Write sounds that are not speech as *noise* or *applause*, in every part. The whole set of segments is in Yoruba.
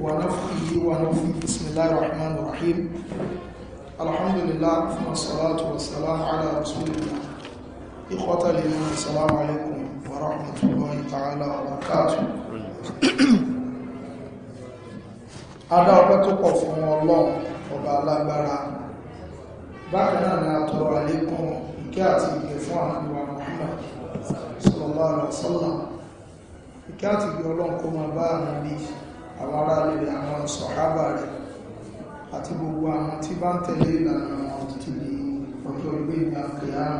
ونفخه ونفخه بسم الله الرحمن الرحيم الحمد لله ثم الصلاة والسلام على رسول الله إخوة الإيمان السلام عليكم ورحمة الله تعالى وبركاته Adá ọpẹ́ tó pọ̀ fún Ọlọ́run ọba alágbára. Bákan náà ni a tọrọ àlékún ìkẹ́ àti ìgbẹ̀ fún àmàlùwà Muhammad sallallahu alaihi wasallam. Ìkẹ́ àti ìgbẹ̀ Ọlọ́run kó máa bá àmàlùwà àwọn ará lè àwọn sọ̀hábà rẹ̀ àti gbogbo àwọn tí bá ń tẹ̀lé ìlànà àwọn títí di ọjọ́ ilé ìgbà kìíyàn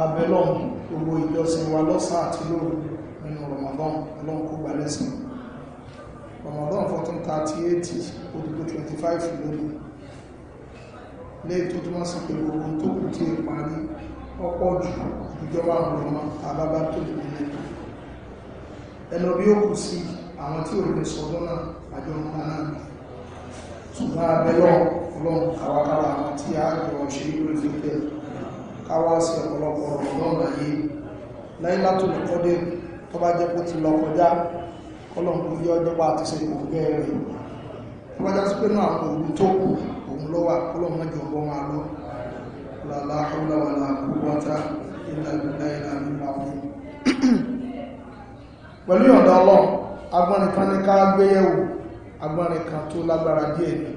abẹ́lọ́n gbogbo ìjọsìn wa lọ́sàn àti lóru nínú Ramadan ọlọ́run kó gbà lẹ́sìn Ramadan 1438 odùgbò 25 lónìí lẹ́yìn tó túnmọ̀ sí pé gbogbo tó kù tí ìparí ọ̀pọ̀ jù ìjọba àwọn ọmọ àbábá tó lè nínú ẹnu bí ó kù sí àwọn tí òun lè sọdọ́ náà àjọ ńlá náà abẹ́lọ́ ọlọ́run kàwàkàwà àwọn tí a jọ ṣe lórí fífẹ́ káwà sí ọ̀pọ̀lọpọ̀ ọ̀rọ̀lọ́run ayé láìlá tó lè kọ́dé tó bá jẹ́ kó ti lọ kọjá kọlọ̀n bụ agbọ́nrin kan ní ká gbéyẹ̀wò agbọ́nrin kan tó lágbára díẹ̀ ni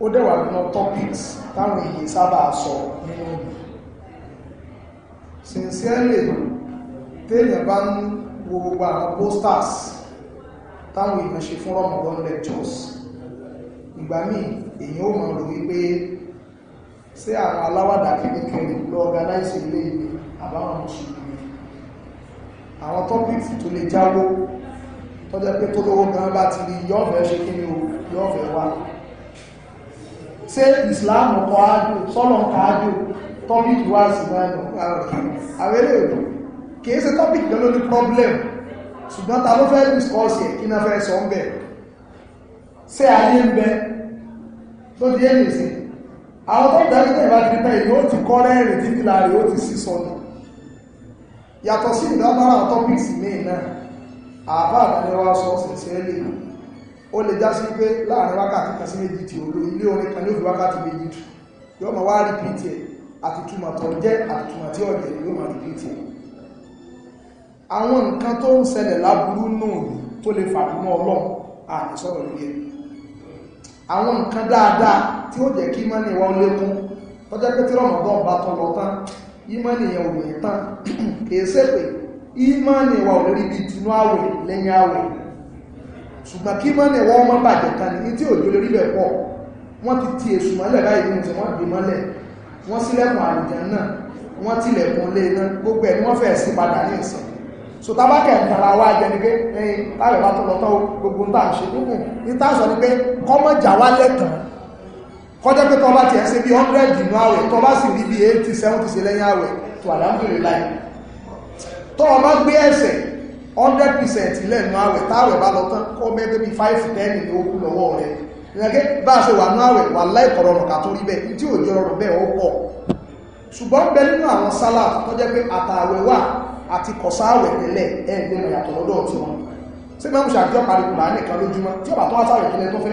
ó dẹ̀wà nínú topics táwọn èyí sábà sọ nínú ìlú sincerely téèyàn bá ń wo gbogbo àwọn posters táwọn èèyàn ṣe fún Ramadan lectures ìgbà míì èyàn ó máa wípé ṣé àwọn aláwàdà kìnnìkìnnì lọ ilé ìlú àbáwọn mùsùlùmí àwọn tọ́pìtì tó lè jáwó tọ́jẹ́ pé tó lówó gan bá ti rí yọ́ọ̀fẹ́ ṣe kí ni o yọ́ọ̀fẹ́ wá ṣé ìsìláàmù kọ ájò sọ́lọ̀ ń ka ájò tọ́pìtì wá sí àwẹ́lẹ̀ èdò kìí ṣe tọ́pìtì gan ló ní problem ṣùgbọ́n ta ló fẹ́ discuss ẹ̀ kí náà fẹ́ sọ ń bẹ̀ ṣé ayé ń bẹ tó di ẹ̀ nìsín àwọn tó dájú tẹ̀ bá ti rí bẹ́ẹ̀ yóò ti kọ́ rẹ́rìn títí yàtọ̀ sí ìdábára topics míì náà àbá àdániwá sọ ṣẹ̀ṣẹ̀ lè ó lè já sí pé láàrin wákàtí kan sí méjì tí olú ilé orin kan ní òfin wákàtí méjì tù yóò máa wá rìpíìtì ẹ̀ àtìtúmọ̀ tó jẹ́ àtìtúmọ̀ tí ọ̀jẹ̀ yóò máa rìpíìtì ẹ̀ àwọn nǹkan tó ń ṣẹlẹ̀ láburú náà tó lè fàbímọ́ ọlọ́run àti sọ̀rọ̀ lórí ẹ̀ àwọn nǹkan dáadáa tí ó jẹ́ kí mọ́ni wọn lékún tó jẹ́ pé tí rọ̀mọ̀dọ́ bá tọ́ lọ tán ìmánì yẹn ò ní tán kìí sẹ́pẹ̀ ìmánì wa ò lórí bí tinú àwẹ̀ lẹ́yìn àwẹ̀ ṣùgbọ́n kí ìmánì wa ọmọ bàjẹ́ kan ní tí òjò lórí bẹ̀ pọ̀ wọ́n ti ti èṣù mọ́lẹ̀ báyìí ní wọ́n bí mọ́lẹ̀ wọ́n sílẹ̀kùn àrùjẹ náà wọ́n tilẹ̀kùn gbogbo ẹ̀ e ni wọ́n wa jẹ ni pé ẹyin táwọn ìbátan lọtọ gbogbo ń tà ń kọjá pé tọ́ bá ti ẹ̀ ṣe bí 100 nínú àwẹ̀ tọ́ bá sì rí bí 80 70 ṣe lẹ́yìn àwẹ̀ tó alhamdulillah tọ́ ọ bá gbé ẹ̀ṣẹ̀ 100% lẹ́nu àwẹ̀ táwẹ̀ bá lọ tán kọ́ mẹ́gbẹ́ bí 5 10 ní okú lọ́wọ́ rẹ̀ ìrìnàgẹ́ bá ṣe wà ní àwẹ̀ wà láìkọ̀rọ̀ ọ̀rọ̀ kàtó rí bẹ́ẹ̀ tí ò jẹ́ ọ̀rọ̀ bẹ́ẹ̀ ó pọ̀ ṣùgbọ́n bẹ tó jẹ́ pé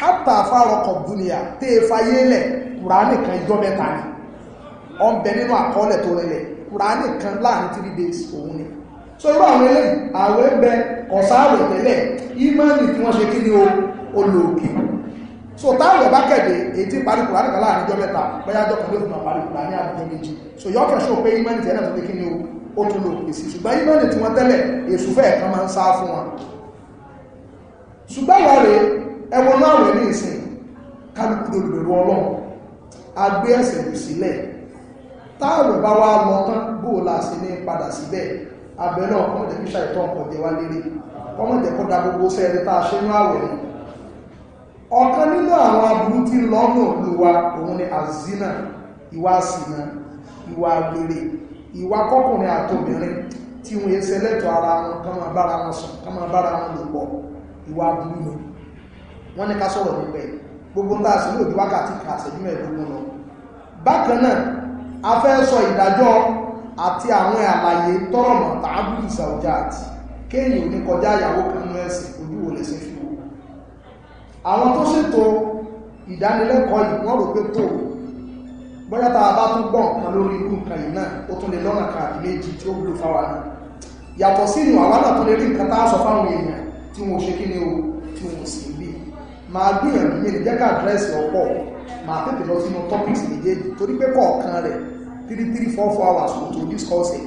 hátà fárọkọ̀ dúnìyà tẹ́ ẹ fayé lẹ̀ kùránì kan ìjọ́ mẹ́ta ni ọ ń bẹ nínú àkọọ́lẹ̀ tó rẹlẹ̀ kùránì kan láàrin three days òun ni so irú àwọn eléyìí àwẹ̀ ń bẹ ọ̀sáàwẹ̀ tẹ́lẹ̀ ìmọ̀nì tí wọ́n ṣe kí ni o olóòkè so táwọn bá kẹ̀dẹ̀ èyí tí parí kùránì kan láàrin ìjọ́ mẹ́ta bóyá jọ kan ló fi máa parí kùránì àbújọ méjì so yọkẹ̀ ṣó pé ìmọ̀nì tẹ́lẹ̀ tó kí ni o ó tún lò pèsè ṣùgbọ́n ìmọ̀nì tí wọ́n tẹ́lẹ̀ èsù fẹ́ẹ̀ kan máa ń sá fún wọn ṣùgbọ́n wọ́n rèé ẹwọ́n náà rẹ̀ ní ìsìn kálukú olùbẹ̀rù ọlọ́run agbé ẹ̀sẹ̀ jù sílẹ̀ táàwẹ̀ bá wá lọ tán bóò sí ní padà síbẹ̀ abẹ náà kọ́mọ̀ jẹ́ ṣàìtọ́ ọkọ̀ jẹ wá lérè kọ́mọ̀ kó da gbogbo sẹ́ẹ̀rẹ́ tá a ṣe àwẹ̀ ọ̀kan nínú àwọn ìwà wọ́n ní ká sọ̀rọ̀ nípa ẹ̀ gbogbo ń bá a sì ní òbí wákàtí kan àṣẹjú mẹ́ẹ̀ẹ́dógún lọ bákan náà a fẹ́ sọ ìdájọ́ àti àwọn àlàyé tọrọmọ tààbù ìsàwùjá àti kéèyàn ò ní kọjá ìyàwó kan nú ẹ̀sìn ojú wo lẹ̀sìn fi wò àwọn tó ṣètò ìdánilẹ́kọ̀ọ́ yìí wọ́n rò pé tó sí ìwà wa wọn ò ṣe kí ni o tí wọn ò sí máa gbìyànjú mi lè jẹ́ ká àdírẹ́sì ọ̀pọ̀ máa tètè lọ sínú topics méjèèjì torí pé kọ̀ọ̀kan rẹ̀ three three four four hours kò tó discuss ẹ̀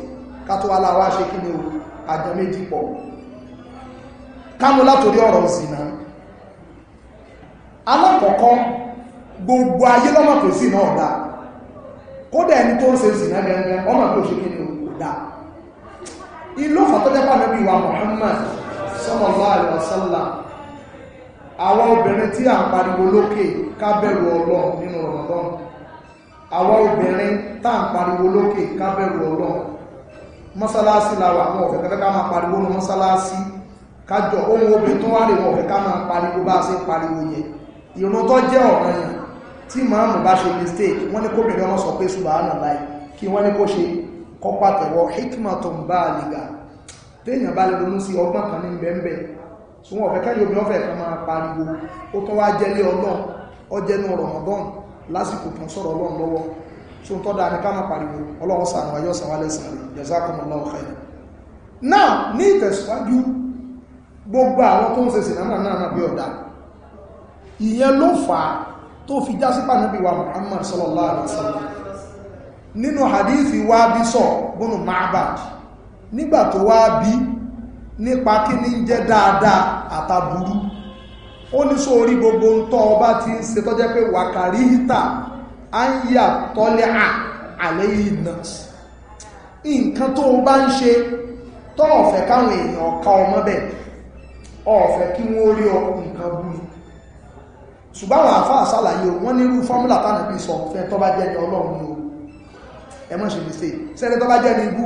ká tó wá láwa ṣe kí ni o àjọ méjì pọ̀ kámo látòrí ọ̀rọ̀ zìnà alákọ̀ọ́kọ́ gbogbo ayé lọ́mọ̀ tó sì náà dáa kódà ẹni tó ń ṣe zìnà gẹ́gẹ́ ọmọ tó ṣe kí ni o dáa ìlú fàtọ́jẹ́pà nàbí wa Muhammad sallallahu alaihi wasallam àwọn obìnrin tí à ń pariwo lókè ká bẹ̀rù ọlọ́run nínú Ramadan àwọn obìnrin tá à ń pariwo lókè ká bẹ̀rù ọlọ́run mọ́sálásí làwà àwọn ọ̀fẹ́ kẹfẹ́ ká máa pariwo ní mọ́sálásí kájọ ohun obìnrin tó wá rè wọn ọ̀fẹ́ ká máa pariwo bá a ṣe pariwo yẹn ìrun tó jẹ́ ọ̀ràn yẹn tí màámù bá ṣe mistake wọ́n ní kóbìnrin ọmọ sọ pé subhana láì kí wọ́n ní kó ṣe kọ́ tí wọ́n fẹ́ kẹ́lẹ̀ obìnrin ọ̀fẹ́ kan máa pariwo ó tún wá jẹ́lé ọlọ́run ó jẹ́nu rọ̀mọ́dọ́n lásìkò tó ń sọ̀rọ̀ ọlọ́run lọ́wọ́ tí ó ń tọ́da ní ká máa pariwo ọlọ́run sàánú ayọ́ sàn wálẹ̀ sàn rẹ̀ jazakumullahu khairan náà ní ìtẹ̀síwájú gbogbo àwọn tó ń ṣe sìnà náà náà bí ọ̀dà ìyẹn ló fà á tó fi já sí pànábì wa Muhammad sallallahu alaihi wasallam nínú hadithi wa bí sọ gbónú Ma'bad nígbà tó wá bí nípa kí ní jẹ́ dáadáa àtàbúrú ó ní sọ orí gbogbo ń tọ́ ọba ti ń ṣe tọ́jẹ́ pé wàkàrí hítà á ń yà tọ́lẹ̀ à àlẹ́ ìnà nǹkan tó bá ń ṣe tọ́ ọ̀fẹ́ káwọn èèyàn ọ̀ka ọmọ bẹ̀ ọ̀fẹ́ kí wọ́n rí ọ nǹkan bú ni ṣùgbọ́n àwọn àfáà ṣàlàyé wọ́n nírú fọ́múlà tánàbí sọ fẹ́ tọ́ bá jẹ́ ni ọlọ́run ni o ẹ má ṣe lè ṣe sẹ́ni tọ́ bá jẹ́ ni ibú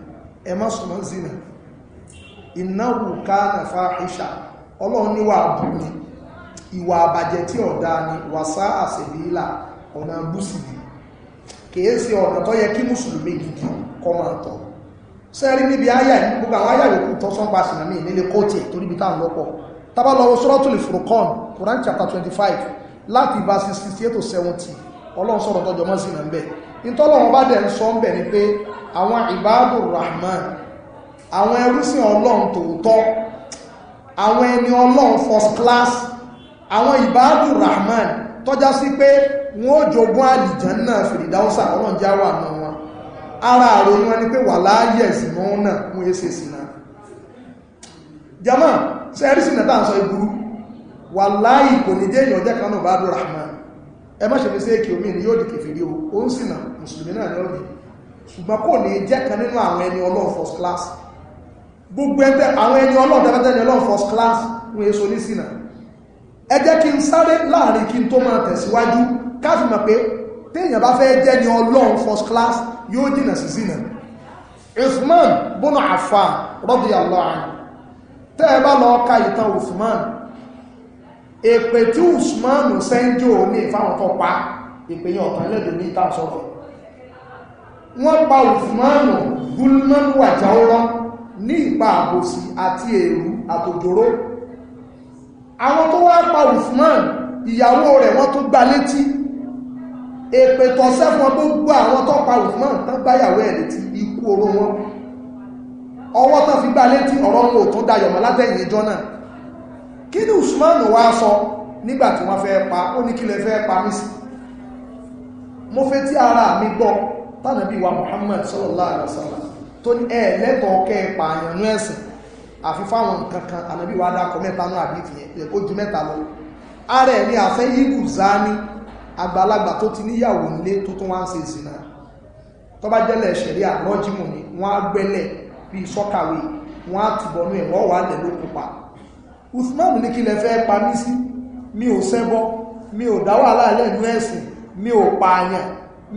ẹ má súnmọ́ zina ìnáwó kánà fáhíṣà ọlọ́run níwà àbúni ìwà àbàjẹ́ tí ọ̀dá ni wàsá àṣẹ̀bílà ọ̀nà búsìlì kìí sí ọ̀nà tó yẹ kí mùsùlùmí gidi kọ́ máa tọ̀ sẹ́rí níbi ayà yìí gbogbo àwọn ayà yòókù tó sọ́n Quran chapter 25 láti verse 68 to ọlọ́run sọ̀rọ̀ tọ́jọ mọ́ sí náà bẹ́ẹ̀ nítọ́lọ́run bá dẹ̀ ń sọ ń bẹ̀ ni pé àwọn ìbáàdù rahman àwọn ẹrúsìn ọlọ́run tòótọ́ àwọn ẹni ọlọ́run first class àwọn ìbáàdù rahman tọ́já sí pé wọ́n ó jogún àlìjàn náà fìdídáúsà ọlọ́run já wà náà wọn ara àròyìn wọn ni pé wà láàyè ìsìnà náà wọ́n èsè ìsìnà jama sẹ́rìsìnà tàà sọ ìburú wà láàyè kò ní dé èèyàn jẹ́ kanú ìbáàdù rahman ẹ má ṣe fi sí èkì omi ni yóò di kèfèrí o ó ń sìnà mùsùlùmí náà ní ọ̀dì ṣùgbọ́n kò ní jẹ́ kan nínú àwọn ẹni ọlọ́run first class gbogbo ẹgbẹ́ àwọn ẹni ọlọ́run dáadáa ẹni ọlọ́run first class wọn èso ní sìnà ẹ jẹ́ kí n sáré láàrin kí n tó máa tẹ̀síwájú káfí pé téèyàn bá fẹ́ jẹ́ ni ọlọ́run first class yóò jìnà sí sìnà Uthman bọ́nà èpè tí usmanu sẹ́ńjò ní ìfáwọn tó pa èpè yẹn ọ̀tàn lẹ́dùn ní ìta sọ́fẹ́ wọ́n pa usmanu gulmanu àjáwọ́rọ́ ní ìpa àbòsí àti èrú àtòjòrò àwọn tó wá pa usman ìyàwó rẹ̀ wọ́n tó gbá létí èpè tọ́sẹ́ fún gbogbo àwọn tó pa usman tán gbáyàwó ẹ̀ létí ikú oró wọn ọwọ́ tán fi gbá létí ọ̀rọ̀ wọn ò tún dayọ̀mọ́ látẹ̀yìn ìjọ náà kí ni usman wá sọ nígbà tí wọ́n fẹ́ pa ó ní kí lẹ fẹ́ pa mí sí mo fẹ́ tí ara mi gbọ́ tánàbí wa muhammad sallallahu alaihi wasallam tó ní ẹ̀ẹ́lẹ́tọ̀ọ́ kẹ́ pààyàn ní ẹ̀sìn àfi fáwọn nǹkan kan ànàbí wa dákọ mẹ́ta náà àbí ìfìyẹn ó ju mẹ́ta lọ ara ẹ̀ ní àfẹ́ yíkù zání àgbàlagbà tó ti níyàwó nílé tó tún wá ń ṣe ìsìnà tó bá jẹ́lẹ̀ ṣẹ̀rí àlọ́jímù ni wọ́n á gbẹ́lẹ̀ bíi sọ́kàwé wọ́n á tìbọnú ẹ̀ wọ́n wà lẹ̀ lókùpa Uthman ní kí lẹ fẹ́ pa mí sí mi ò ṣẹbọ mi ò dá wàhálà lẹ́nu ẹ̀sìn mi ò pààyàn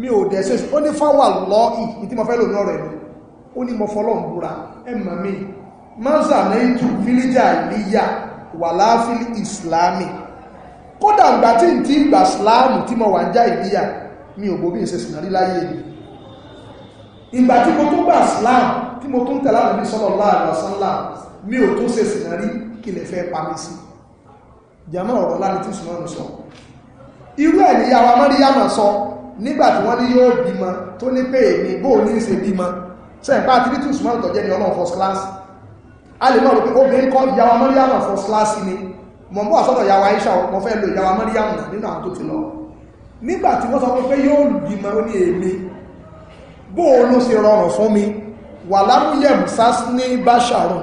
mi ò dẹ̀ṣẹ̀ ó ní fáwà lọ́ì ìtí mo fẹ́ lò lọ́rẹ̀ ni ó ní mo fọlọ́run búra ẹ̀mọ̀ mi mọ́sà méjì fílíjà ìlíyà wà láàfílì ìsìláàmì kódà ìgbà tí ń ti ìgbà ìsìláàmù tí mo mi ò gbóbi ìṣẹ̀sìn náà rí láyé mi ìgbà tí mo tún gbà ìsìláàmù tí mo tún tẹ̀lá nàbí sọ́lọ́ láàrín ọ̀sán láàrín mi ò tún ṣe sìnà kí lè fẹ́ pàmí sí jàmọ́ ọ̀rọ̀ láti tí sùnmọ́nù sọ irú ẹ̀ ní yàwó amọ́ríyàmọ̀ sọ nígbà tí wọ́n ní yóò bímọ tó ní pé èmi bó ní í ṣe bímọ sẹ́yìn pá tí tí sùnmọ́nù tọ́jẹ́ ní ọlọ́run first class a lè mọ̀ pé obìnrin kọ́ yàwó amọ́ríyàmọ̀ first class ni mọ̀ ń bọ̀ sọ́dọ̀ yàwó aisha mo fẹ́ lo yàwó amọ́ríyàmọ̀ nínú àwọn tó ti lọ nígbà tí wọ́n sọ pé yóò bímọ ó ní èmi bó ló ṣe rọrùn fún mi wà lámúyẹ̀mù sásní báṣàrùn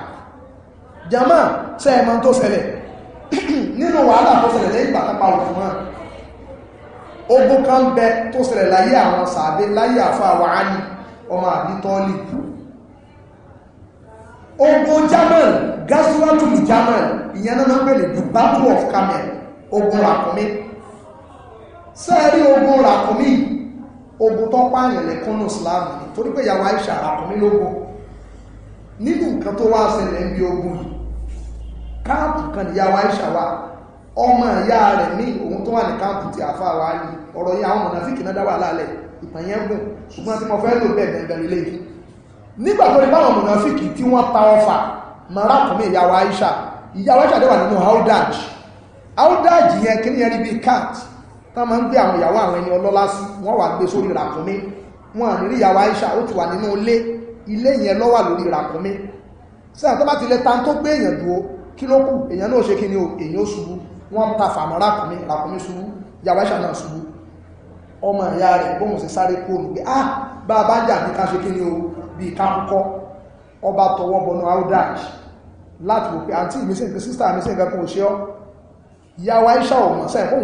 jama sẹ́ẹ̀mọ́ tó ṣẹlẹ̀ *clears throat* nínú wàhálà tó ṣẹlẹ̀ lẹ́yìn pàtàkì òfin ogun kan bẹ tó ṣẹlẹ̀ láyé àwọn sàábé láyé àfà wàhálì ọmọ àbí tọ́lì ogun Jamal gasuwatul Jamal ìyẹn náà ń pèlè the battle of Camel ogun ràkúnmí sẹ́ẹ̀rí ogun ràkúnmí ogun tó pààyàn lẹ́kúnnù Islam torí pé ìyàwó Aisha ràkúnmí lógun nínú nǹkan tó wá ṣẹlẹ̀ ń bí ogun yìí káàpù kan ìyá wa Aisha wa ọmọ ìyá rẹ̀ ní òun tó wà ní káàpù tí àfa wa ní ọ̀rọ̀ yẹn àwọn mọ̀nàfíkì náà dá wà lálẹ́ ìtàn yẹn gùn ṣùgbọ́n tí mo fẹ́ lò bẹ́ẹ̀ bẹ̀rẹ̀ lé yìí nígbà tó rí báwọn mọ̀nàfíkì tí wọ́n pa ọfà mọ̀rákùnmí ìyá wa Aisha ìyá wa nínú haudaj haudaj yẹn kí ni yẹn rí bíi cat tá máa ń gbé àwọn ìyàwó àwọn ẹni ọlọ́lá sí wọ́n wà gbé sórí ràkúnmí wọn à ní rí ìyàwó Aisha ó ti wà nínú ilé ilé yẹn ló lórí ràkúnmí sẹ́yìn tó ti lè ta tó gbé èèyàn dúró kí ló kù èyàn náà ṣe kí ni o èyàn ó ṣubú wọ́n ta fàmọ́ rákùnmí rákùnmí ṣubú yàwáṣà náà ṣubú ọmọ ìyá rẹ̀ bóhùn sí sáré kóònù pé ah bá a bá jà bí ká ṣe kí ni o bí ká kọ́kọ́ ọba tọwọ́ bọnú outdash láti wò pé àǹtí mi sí nǹkan sísá mi sí nǹkan kan ò ṣe ọ́ ìyàwó aisha ò mọ̀ sẹ́yìn fóun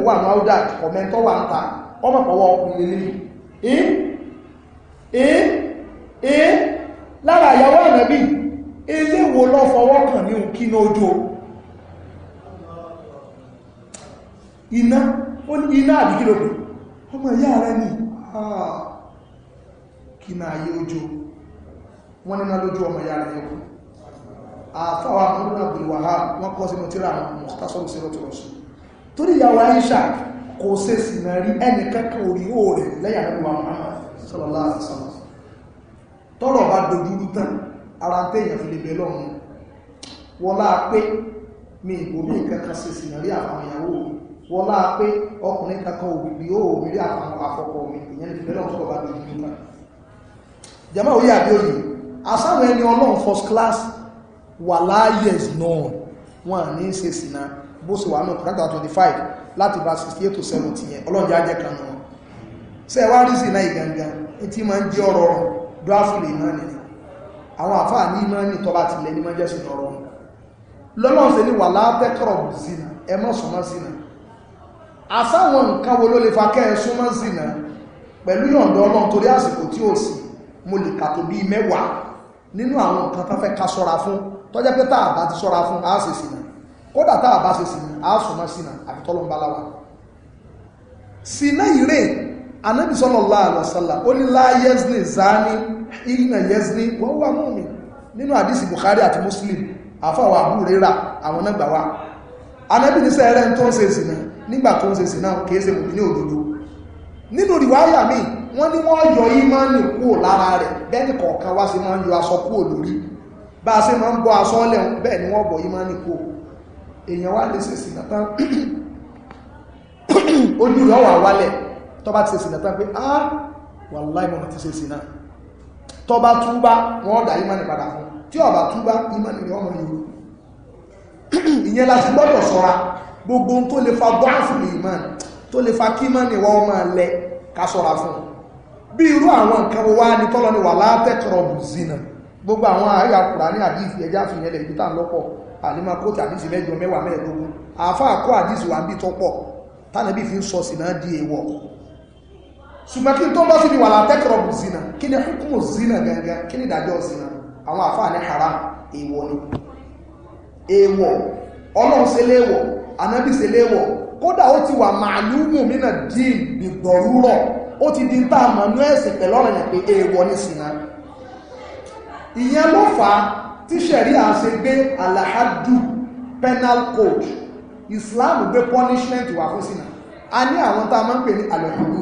wo lọ fọwọ́ kàn ní òun kí ní ojú iná ó ní iná àbíkí ló pè ọmọ ìyá rẹ̀ ní ah, kí náà yí ojú wọ́n níná lójú ọmọ ìyá rẹ̀ yẹ́kù àfáwà mọ́rún àbúrúwàhá wọ́n kọ́ sínú tíra mọ̀tásọ́rù sí lọ́tọ̀rọ̀ sí torí ìyàwó Aisha kò ṣe sì náà rí ẹni kẹ́kẹ́ orí ó rẹ̀ lẹ́yà lọ́wọ́ Muhammad sallallahu alaihi wasallam tọ́rọ̀ bá dojú rú tán ara téèyàn fi lè bẹ lọ́run wọlá pé mi ìbomi kankan ṣe sìnàrí àwọn ìyàwó mi wọlá pé ọkùnrin kankan òbí yóò mi rí àwọn afọkọ mi ìyẹn lè bẹ́lẹ̀ ọ̀tọ́ bá mi ní ìgbà jẹ́mọ́ òye àbíòye asáwọn ẹni ọlọ́run first class wà láyẹ̀s náà wọ́n ní ṣe sìnà bó ṣe wà náà kọ́kàtà 25 láti bá 68 to 70 yẹn ọlọ́run jẹ́ kan náà ṣe wá rí sìnà ìgangan tí máa ń jẹ́ ọ̀rọ̀ rọ̀ dráfìlì náà nìyẹn àwọn àfáà ní iná ní tọba ti lẹ ní mọ́ jésù tọrọ wọn lọ́lọ́run ṣe ní wà látẹ́kọ̀rọ̀ zina ẹ mọ́ súnmọ́ zina àsáwọn nǹkan wo ló lè fa kẹ́ ẹ súnmọ́ zina pẹ̀lú yọ̀ǹda ọlọ́run torí àsìkò tí ó sì mo lè kàtó bíi mẹ́wàá nínú àwọn nǹkan tó fẹ́ ká sọ́ra fún tọ́jẹ́ pé tá a bá ti sọ́ra fún a ṣe sìnà kódà tá a bá ṣe sìnà a súnmọ́ sìnà àfi tọ́lọ́mbá láwa sìnà ìrè anábìsọ́lọ́lá àlọ́sálà ó ní láyé zani ìrìnà yẹ́sìrí wọ́n wà mú mi nínú àdísì Bukhari àti Muslim àfáwà àbú rírà àwọn náà gbàwà anábì ní sẹ́ẹ̀rẹ́ tó ń ṣe ìsìnà nígbà tó ń ṣe ìsìnà kìí ṣe mùmí ní òdodo nínú ìwáyà mi wọ́n ní wọ́n yọ ìmánì kúrò lára rẹ̀ bẹ́ẹ̀ni kọ̀ọ̀kan wá sí máa ń yọ aṣọ kúrò lórí bá a ṣe máa ń bọ́ aṣọ lẹ́hùn bẹ́ẹ̀ ni wọ́n bọ̀ ìmánì kúrò èèyàn wá lè ṣe ìsìnà tán *coughs* ojú rẹ̀ wà wálẹ̀ tó bá ti ṣe ìsìnà pé ah wàláì mọ́ ti ṣe ìsìnà tó bá túbá wọ́n dá ìmánì padà fún tí ó bá túbá ìmánì rẹ̀ ọmọ yìí ìyẹn la ti gbọ́dọ̀ sọ́ra gbogbo ohun tó lè fa gbọ́nfùn ìmánì tó lè fa kí ìmánì wọ́n máa lẹ ká sọ́ra fún bí irú àwọn nǹkan wo wá ní tọ́lọ ni wà látẹ́kọ̀rọ̀ bù zina gbogbo àwọn àyà Kùránì àdìsí ẹjá fi yẹn lẹ̀ ìbítà lọ́pọ̀ àlímà kóòtù àdìsí mẹ́jọ mẹ́wàá mẹ́ẹ̀ẹ́dógún àáfàá kó àdìsí wà ń bí tọ́pọ̀ tánàbí fi ń sọ sí náà di èèwọ̀ ṣùgbọ́n kí n tó ń bá síbi wà látẹ́kọ̀rọ̀bù zina kí ni hukumu zina gangan kí ni ìdájọ́ zina àwọn àfáà ní haram èèwọ̀ ni èèwọ̀ ọlọ́run ṣe léèwọ̀ anábì ṣe léèwọ̀ kódà ó ti wà màálùmù mínà dín ìgbọ̀rúrọ̀ ó ti di tá a mọ̀ ní ẹ̀sìn pẹ̀lú ọ̀rọ̀ yẹn pé èèwọ̀ ni zina ìyẹn ló fà á tí ṣẹ̀rí à ń ṣe gbé alahadu penal code Islam gbé punishment wà fún sínà a ní àwọn tá a máa ń pè ní alahadu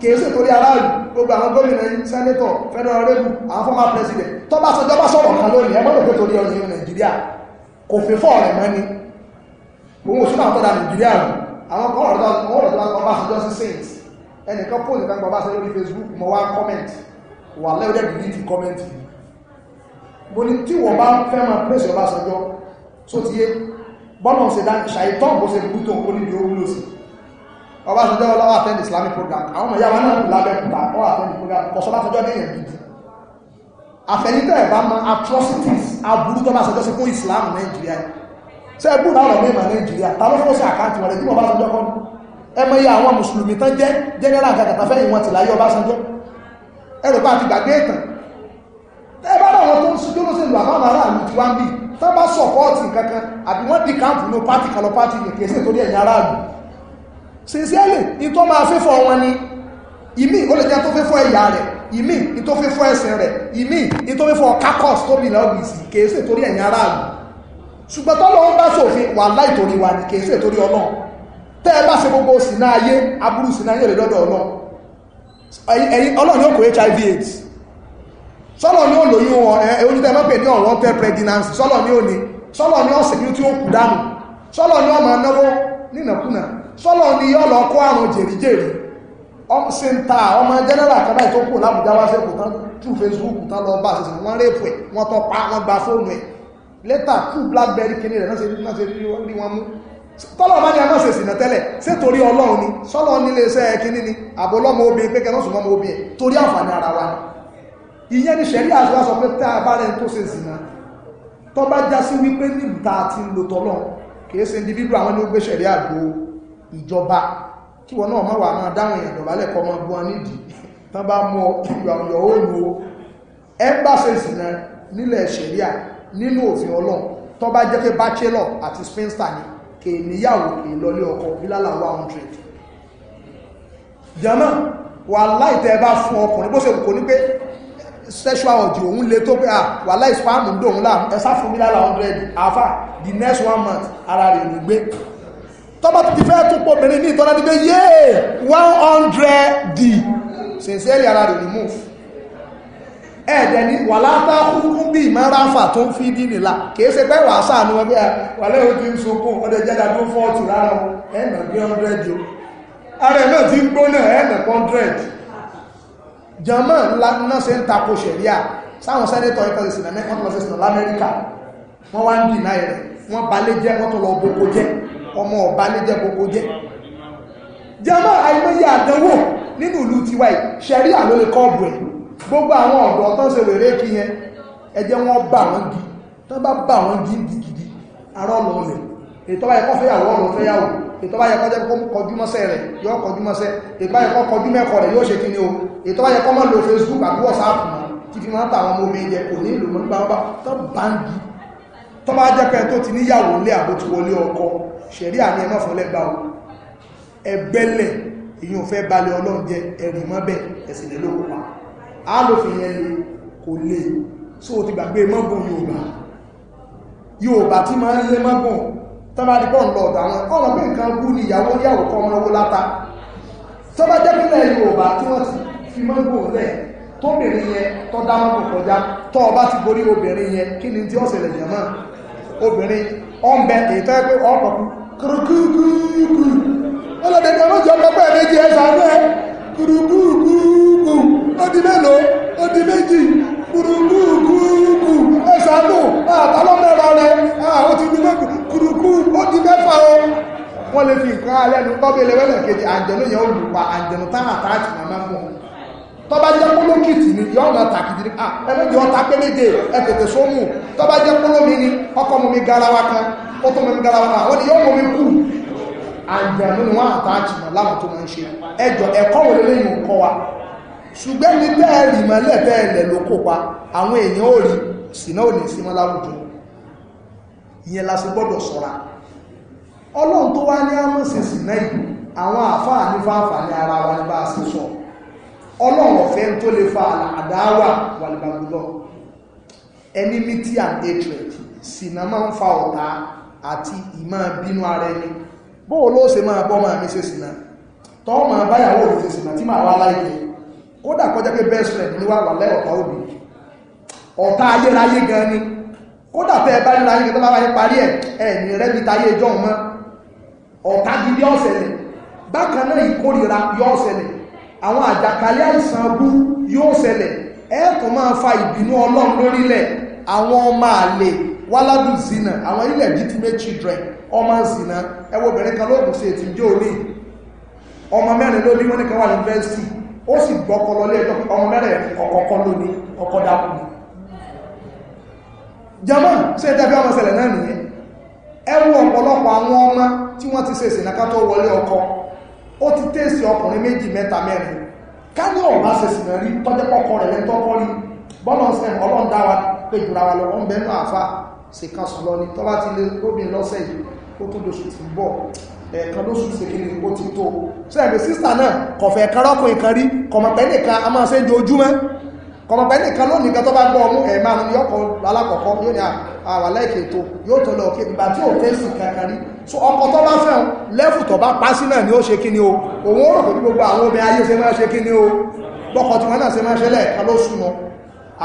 kìí ṣe torí aráàlú gbogbo àwọn gómìnà sẹ́nẹ́tọ̀ federal rẹ́bù àwọn former president tó bá sọjọ́bá sọ̀rọ̀ kan lónìí ẹgbọ́n òkú torí ọ̀rọ̀ ìlú nàìjíríà kò fi fọ́ rẹ̀ mọ́ni òun òṣùpá àwọn tọ́da nàìjíríà rẹ̀ àwọn kan ọ̀rọ̀ tó wọ́n rọ̀ tó bá sọjọ́ sí saints ẹnìkan pòlì kan gbọ́ bá sọ lórí facebook mo wá comment wà lẹ́wọ́dẹ́ delete comment mo ní tí wọ́n bá fẹ́ máa pèsè ọba sọjọ́ tó ti yé bọ́nà ṣe dá ṣàìtọ́ bó ṣe gbútó oníbi ó wúlò sí i ọbásanjọ́ ọlọ́wọ́ attend islamic program àwọn ọmọ yàwó náà lábẹ́ kúta ọ attend program kọ̀sọ́ ọbásanjọ́ ní èyàn gidi àfẹ̀yìntẹ́ ẹ̀bá ma atrocities aburú tó ọbásanjọ́ sí fún islam nàìjíríà ṣe ẹgbùn náà lọ mẹ́mà nàìjíríà ta ló fọ́sí àkáǹtì wọn rẹ̀ tí ọbásanjọ́ kọ́ ẹ mọ iye àwọn mùsùlùmí tán jẹ́ general gàgàtà fẹ́yìn wọn ti láyé ọbásanjọ́ ẹ rò pé àti gbàgbé ìtàn tẹ bá náà wọn tó ń sojú lóṣèlú àbáwọn aráàlú ti wá ń bì tán bá sọ̀kọ́ọ̀tì kankan àbí wọ́n dì káàpù ní pátì kan lọ pátì nìkẹ́ sí torí ẹ̀yìn aráàlú sincerely ní tó máa fífọ́ wọn ni ìmí ó lè jẹ́ tó fífọ́ ẹ̀yà rẹ̀ ìmí ní tó fífọ́ ẹsẹ̀ rẹ̀ ìmí ní tó fífọ́ kakọ́s tó bìnà ọ̀gbìsì kèése torí ẹ̀yìn aráàlú ṣùgbọ́n tọ́lọ́ ń bá sòfin wà láì torí wa ní kèése torí ọlọ́run hiv aids sọ́lọ̀ ní olóyún wọn ẹ̀yún tẹ́ mọ́pẹ̀ ní ọ̀rọ̀ tẹ́ pregnancy sọ́lọ̀ ní òní sọ́lọ̀ ní ọ̀sẹ̀ ní tí ó kù dánù sọ́lọ̀ ní ọmọ náwó nínàkúnà sọ́lọ̀ ni yọ́ lọ kó àrùn jèrìjèrì ọmọ sí ń ta ọmọ jẹ́nẹ́rà kan báyìí tó kù lábùjá wá sí ẹ̀kùtán tú facebook tán lọ bá àṣẹṣẹ wọ́n rèpù ẹ̀ wọ́n tọ́ pa wọ́n gba fóònù ẹ̀ lẹ́tà tú blackberry kìíní rẹ̀ náà ṣe rí wọn mú tọ́lọ̀ bá ní ẹmọ́ ṣe sìnà tẹ́lẹ̀ ṣé torí ọlọ́run ni sọ́lọ́ nílé iṣẹ́ kìíní ni àbólọ́mọ obìnrin pé kẹ́lọ́sùn mọ́mọ obìnrin torí àǹfààní ara wa ni ìyẹn ni ṣẹ̀rí àṣọ sọ pé tá a bá rẹ̀ tó ṣe sìnà tó bá já sí wípé nígbà tí ń lo tọ́lọ̀ kìí ṣe individual àwọn ní ó gbé ṣẹ̀rí àgbò ìjọba kí wọn náà máa wà máa dáhùn èèyàn dọ̀bálẹ̀ kọ́ máa bú wọn nídìí tán bá mọ ìwà ọ̀yọ̀ òòlù o embassies náà nílẹ̀ ṣẹ̀ríà nínú òfin ọlọ́run tó bá jẹ́ pé bachelor àti spinster ni kè níyàwó kè lọlé ọkọ bílálà 100 jama wàláì tẹ́ bá fún ọkùnrin bó ṣe kò ní pé sexual ọ̀dì òun lè tó pé ah, wàláì spam ń dòun láàmú ẹsá fún bílálà 100 àfà the next one month ara rẹ̀ ní tọ́ba ti fẹ́ tún pọ̀ obìnrin ní ìtọ́lá dídé yéè one d sincerely ara rẹ̀ remove ẹ̀ẹ̀dẹ̀ ni wà látà fún bí ìmọ̀ráfà tó ń fi dínì la kìí ṣe pé wàá sàánú ẹgbẹ́ wà lẹ́yìn tí ń sunkún ọdẹ jẹ́jà tó fọ́ọ̀tì rárá wọn ẹ̀nà bí hundred o ara ẹ̀ náà ti ń gbóná ẹ̀nà hundred jọmọ́ ńlá náà ṣe ń tako ṣẹ̀ríà sáwọn sẹ́nẹ́tọ̀ ẹ̀kọ́ ṣe sinamẹ́ wọ́n tó lọ sí sinamẹ́ lamẹ́ríkà wọ́n wá ń dì náà rẹ̀ wọ́n balẹ̀ jẹ́ wọ́n tó lọ boko jẹ́ ọmọ ọba lè jẹ́ gbogbo jẹ́ jẹ́mọ́ àìmọye àdánwò nínú ìlú tiwa yìí ṣẹ̀rí àlóye kọ́ọ̀bù ẹ̀ gbogbo àwọn ọ̀dọ́ tó ń ṣe wèrè kí yẹn ẹjẹ́ wọn bà wọ́n gi tó bá bà wọ́n gi gidigidi arọ́ lọ rẹ̀ ètò báyẹ kọ́ fẹ́ yàwó ọ̀rọ̀ fẹ́ yàwó ètò báyẹ kọ́ jẹ́ kó kọjú mọ́sẹ́ rẹ̀ yóò kọjú mọ́sẹ́ ètò báyẹ kọ́ kọjú mẹ́kọ̀ rẹ̀ yóò ṣe kí ni o ètò báyẹ kọ́ mọ́ Facebook àbí WhatsApp mọ́ tí fi máa ń tàwọn ọmọ omi ẹ̀jẹ̀ kò ní ìlú mọ́ gbá ọba tó bá ń gi tó bá jẹ́ pé tó ti níyàwó ilé àbótiwọlé ọkọ ṣẹ̀rí àní ẹmọ́ fún lẹ́gbà o ẹgbẹ́lẹ̀ èyí ò fẹ́ balẹ̀ ọlọ́run jẹ ẹ̀rì mọ́bẹ̀ ẹ̀sìnlẹ̀ ló pa á ló fi yẹn lè kò lè só ti gbàgbé mọ́gùn Yorùbá Yorùbá tí máa ń lé mọ́gùn tọ́bàdì bọ́ọ̀ lọ ọ̀dọ̀ àwọn ọmọ pé nǹkan bú ni ìyàwó yàwó kọ́ ọmọ owó láta tọ́bà jẹ́ pínlẹ̀ Yorùbá tí wọ́n ti fi mọ́gùn lẹ̀ tóbìnrin yẹn tọ́ dá mọ́gùn kọjá tọ́ ọba ti borí obìnrin yẹn kí ni obìnrin ọ̀n bẹ èyí tó yẹ pé ọ̀pọ̀ kúrúkúrúkú ọlọ́dẹ̀dẹ̀ ọlọ́jọ́ pẹ́pẹ́ méjì ẹ̀sà rẹ̀ kúrúkúrúkú ó di mélòó ó di méjì kúrúkúrúkú ẹ̀sà nù àtàlọ́mẹ́ra rẹ̀ ó ti di mẹ́kù kúrúkú ó di mẹ́fà o wọ́n lè fi nǹkan alẹ́nu tọ́bẹ̀lẹ́wẹ́lẹ̀ kejì àjẹ̀nú yẹn ó àti màmá mọ́ tó ah, bá jẹ́ pólókìtì ni yọ́ ọ̀nà tàkìdì à ẹlẹ́jọ́ ọta pé méje ẹ tètè sómù tó bá jẹ́ pólómi ni ọkọ̀ mú mi garawa kan ó tó mú mi garawa kan àwọn yóò mú mi kú àjẹ̀mú ni wọ́n àtàkì mọ̀ láwọn tó máa ń ṣe ẹjọ́ ẹ̀kọ́ wò lélẹ́yìn òkọ́ wa ṣùgbẹ́ ní tẹ́ẹ̀rì mọ́lẹ̀ tẹ́ẹ̀lẹ̀ ló kópa àwọn èèyàn ò rí sínà ò ní símọ́ láwùjọ ìyẹn la ṣe gbọ́dọ̀ ṣọ́ra ọlọ́run tó wá ní àmọ́sẹ̀sì náà àwọn àfáà ní fáfà ní ara wa ní bá a ṣe sọ̀rọ̀ ọlọ́run ọ̀fẹ́ tó lè fa àdáwà wàlìbàgbùlọ enmity and hatred sinna máa ń fa ọ̀tá àti ìmọ̀ bínú ara ẹni bóò ló ṣe máa bọ́ máa mi ṣe sinna tọ́ máa báyàwó òun ṣe sinna tí máa wá láìpẹ́ kódà kọjá pé best friend ní wà wà lẹ́ ni kódà tẹ́ ẹ bá nílá yín tó bá wáyé parí àwọn àjàkálẹ̀ àìsàn abú yóò ṣẹlẹ̀ ẹ̀ẹ̀kùn máa fa ìbínú ọlọ́run lórílẹ̀ àwọn ọmọ àlè wáládù zina àwọn ilẹ̀ legitimate children ọmọ zina ẹwọ obìnrin kan lóògùn sí ètì ọmọ mẹ́rin ló bí wọ́n ní kan wà yunifásitì ó sì gbọ́kọ lọlé ẹjọ́ ọmọ mẹ́rin ọ̀kọ̀ọ̀kan ọkọ̀ jama ṣe ti ọkọ ó ti tẹ́sí ọkùnrin méjì mẹ́ta mẹ́rin káyọ̀ ọ̀bá sẹ̀sì náà rí tọ́jẹ́ pọ̀kọ́ rẹ̀ lẹ́tọ́ kọ́ rí bọ́lọ̀ sẹ́m ọlọ́run dá wa pé jùlọ wa lọ́wọ́ ń bẹ́ náà fa ṣe kan sùn lọ ni tọ́lá ti lé lóbìn lọ́sẹ̀ yìí ó tó doṣù ti bọ̀ ẹ̀ẹ̀kan lóṣù ṣe kiri ó ti tó sẹ́ẹ̀bẹ̀ sísà náà kọ̀fẹ́ kan rọ́kùn ìkan rí kọ̀mọ̀pẹ́ nìkan a máa ṣe jojúmọ́ kọ̀mọ̀pẹ́ nìkan lónìí kan tó bá gbọ́ ọmú ẹ̀ẹ̀má ni yọkọ̀ alákọ̀ọ́kọ́ yóò ní àwàlẹ́ ìkètò yóò tó lọ òkè ìgbà tí ò tẹ́sì kankan rí so ọkọ tó bá fẹ́ lẹ́fù tó bá pa sí náà ni ó ṣe kí ni o òun ó rò pé gbogbo àwọn obìnrin ayé ṣe máa ṣe kí ni o bọ́kọ tí wọ́n náà ṣe máa ṣe lẹ́ẹ̀kan lóṣù náà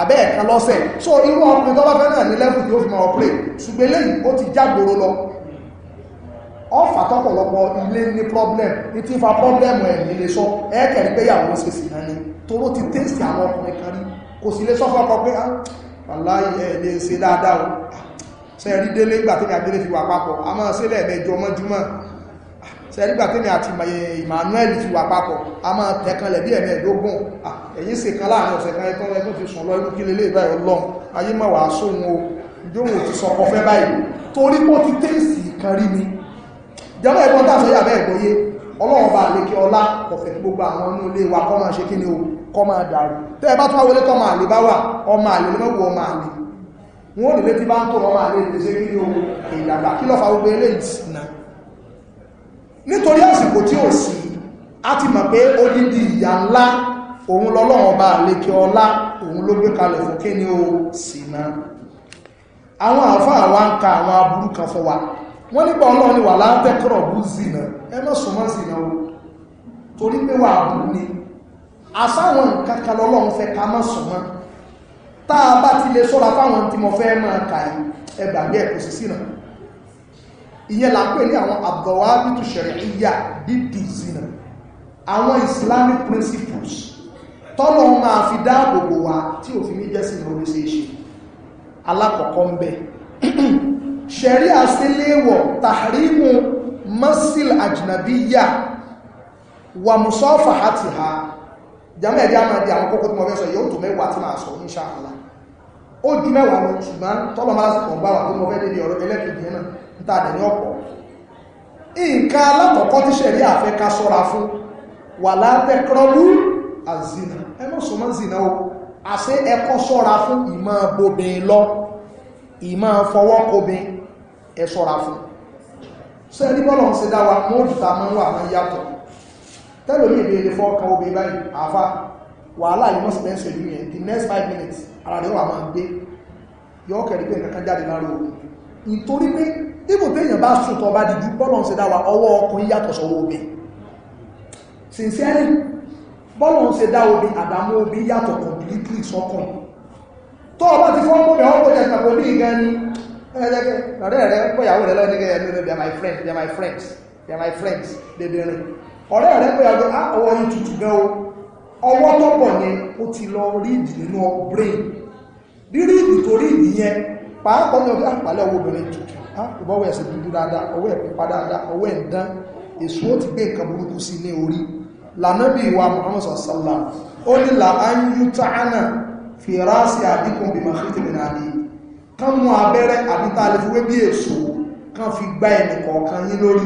àbẹ́ ẹ̀kan lọ́sẹ̀ so irú ọkùnrin tó bá fẹ́ náà ní lẹ́fù tí ó fi máa ọ̀pẹ́ ṣùgbọ́n eléyìí ó ti jágboro lọ ọfà tọ́pọ̀lọpọ̀ ilé ní problem ní tí ń fa problem ẹ̀ nílé sọ ẹ́ẹ̀kẹ̀rí pé yàwó ṣe sì náà ni toró ti tẹ́sì àwọn ọkùnrin kan rí kò sí lé sọ́fọ́ ọkọ̀ pé aláyẹ̀ ah, lè ṣe sẹ́rí délé ìgbà tẹ́mi àgbélé fi wà papọ̀ a máa ṣe lẹ́ẹ̀mẹ́jọ mọ́júmọ́ sẹ́rí ìgbà tẹ́mi àti Emmanuel fi wà papọ̀ a máa tẹ̀kanlẹ̀ bí ẹ̀mẹ́ẹ̀dógún ẹ̀yìn sì kan láàrin ọ̀sẹ̀ kan ẹ̀tọ́ ẹ̀tọ́ fi sùn lọ irú kí lélẹ́ ìbáyọ̀ lọ ayé mọ̀ wàá sóhun o ìjóhun ti sọ kọfẹ́ báyìí torí pó ti tẹ́sì kan rí mi jẹ́mọ́ ẹ̀gbọ́n tàṣọ yà bẹ́ẹ̀ gbọ́yé ọlọ́run bá lè kí ọlá kọfẹ́ gbogbo àwọn inú ilé wa kọ́ máa ṣe kí ni o kọ́ máa dàrú tẹ́ ẹ bá tún wá wọlé tọ́ máa lè bá wà ọmọ àlè lọ́wọ́ ọmọ àlè wọ́n nílé tí bá ń tó wọ́n máa lè pèsè kí o ìdàgbà kí lọ́fà gbogbo ilé ìsìnà nítorí àsìkò tí ó sì á ti mọ̀ pé ó dídí ìyà ńlá òun lọ́lọ́wọ́n bá lékè ọlá òun ló gbé kalẹ̀ fún kí ni ó sìnà àwọn àfáà wa ń ka àwọn aburú kan fún wa wọ́n nípa ọlọ́run ni wà látẹ́kọ̀rọ̀ bú zìnà ẹ má súnmọ́ zìnà o torí pé wà á bù ni àsáwọn nǹkan kan lọ́lọ́run fẹ́ ká má súnmọ́ tá a bá ti lè sọ́ra fáwọn tí mo fẹ́ máa kà yìí ẹgbàgbé ẹ̀kọ́ sí sínà ìyẹn là ní àwọn àbọ̀wá bítù ṣẹ̀rẹ̀ ìyá dídì zina àwọn Islamic principles tọ́lọ̀ máa fi dáàbòbò wa tí òfin ní jẹ́sìn lórí ṣe é ṣe alákọ̀ọ́kọ́ ń bẹ̀ ṣẹ̀rí àṣẹléwọ̀ tàhrímù masil àjìnàbíyà wà mùsọ́fà àti ha jàmẹ́ ẹ̀já máa di àwọn kókó tí mo fẹ́ sọ yóò tó mẹ́wàá tí máa sọ ní ṣàkàlá ó ju mẹ́wàá lọ ṣùgbọ́n tọ́lọ máa sì pọ̀gbà wà tó mo fẹ́ débi ọ̀rọ̀ ẹlẹ́kẹ̀ẹ́jì náà ń ta àdẹ̀ ní ọ̀pọ̀ nǹkan alákọ̀ọ́kọ́ tí ṣẹ̀rí àfẹ́ ká sọ́ra fún wà látẹ́kọ́rọ́lú àzìnà ẹ mọ́ sọmọ́ tẹ́lò ní ìbí ilé fọ́ọ̀kan obì báyìí àfá wàhálà yìí mọ́sí mẹ́sù ìlú yẹn the next five minutes ara rẹ̀ wà máa gbé yọ́ kẹ̀rí pé nǹkan jáde lára omi nítorí pé ibò téèyàn bá sùn tó bá dìdú bọ́lọ̀ ṣe dá wa ọwọ́ ọkùnrin yàtọ̀ sọ́wọ́ omi sincerely bọ́lọ̀ ṣe dá omi àdámọ́ omi yàtọ̀ completely sọ́kàn tó ọba ti fọ́ mọ́ mi ọkọ̀ jẹ́ kàkó ní ìgbẹ́ ni ẹ̀ẹ́dẹ́gbẹ́ rẹ̀ rẹ̀ pẹ̀yàwó rẹ̀ lọ́nìkẹ́ ẹ̀mí rẹ̀ they are my friends they are my friends they are my friends they are my friends ọ̀rẹ́ rẹ̀ pé ọdún ah, ọwọ́ yìí tutù gan o ọwọ́ tó pọ̀ yẹn ó ti lọ ríìdì nínú brain ríìdì tó ríìdì yẹn pàápọ̀ ní ọdún àpàlẹ̀ ọwọ́ obìnrin tutù ah, ọwọ́ ẹ̀sẹ̀ dúdú dáadáa ọwọ́ ẹ̀ pípa dáadáa ọwọ́ ẹ̀ ń sallam á ń yú tààna fi wé bí èso lórí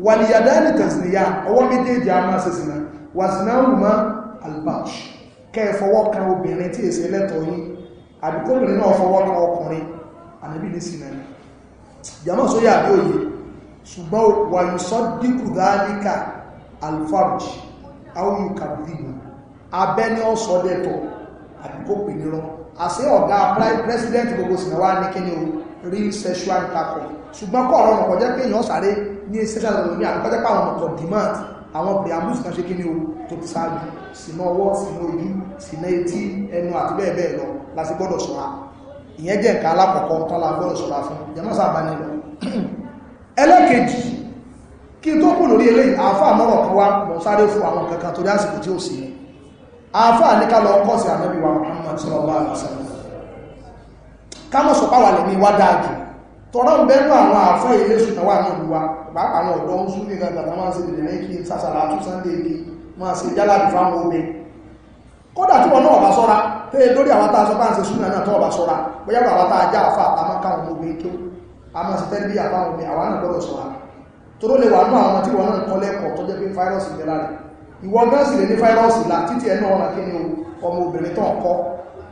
wàlìyàdáni tẹ̀sìnìyà ọwọ́ méjèèjì a máa sẹ̀sìnà wàsìnà rùmá albash kẹfọwọ́ kan obìnrin tí èsẹ̀ lẹ́tọ̀ yìí àbíkóbìnrin náà fọwọ́ kan ọkùnrin ànábì ní sinà ni jama sóyà àbí òye ṣùgbọ́n wàyù sọ dínkù dáníkà alfarj aoyu kàbíyù abẹ́ni ọ̀sọ́ lẹ́tọ̀ àbíkóbìnrin àṣẹ ọ̀gá president gbogbo sinà wà ní kíni o real sexual intercourse ṣùgbọ́n kọ́ ọ̀rọ̀ ọ̀kọ̀jẹ́ pé èèyàn sáré ní special economy àkọ́kọ́jẹ́ pàwọn ọkọ̀ demand àwọn preambus kan ṣe kíni o tó ti sáájú sínú ọwọ́ sínú ojú sínú etí ẹnu àti bẹ́ẹ̀ bẹ́ẹ̀ lọ láti gbọ́dọ̀ ṣọ́ra ìyẹn jẹ́ nǹkan alákọ̀ọ́kọ́ tán la gbọ́dọ̀ ṣọ́ra fún jẹmọ́ sábà ní lọ ẹlẹ́kejì kí tó kù lórí eléyìí àáfà mọ́rọ̀ kan wá mọ̀ sáré fún àwọn kankan torí àsìkò tí ó sì ní àáfà ní ká lọ kọ́ sí ànábì wa Muhammad sallallahu alaihi wasallam ká mọ̀ sọ páwà lẹ́mí wá dáa jù tọ́rọ ń bẹ́nu àwọn àfá ilé ṣùgbọ́n wà ní olúwa pàápàá àwọn ọ̀dọ́ ń sún nígbà tàbí máa ń ṣe ìdìnà kí n sàṣàrà àtún sunday kí máa ṣe jálàbì fáwọn omi kódà tí wọn náà bá sọ́ra pé lórí àwọn tá a sọ bá ń ṣe súnà náà tọ́ bá sọ́ra bóyá bá àwọn tá a já àfá a máa ṣe tẹ́lẹ̀ bí àfáwọn omi àwọn náà gbọ́dọ̀ sọ́ra toró lè wà nú àwọn tí wọn náà kọ́ lẹ́kọ̀ọ́ tó jẹ́ pé fáírọ́ọ̀sì ń bẹ lára ìwọ gán sì lè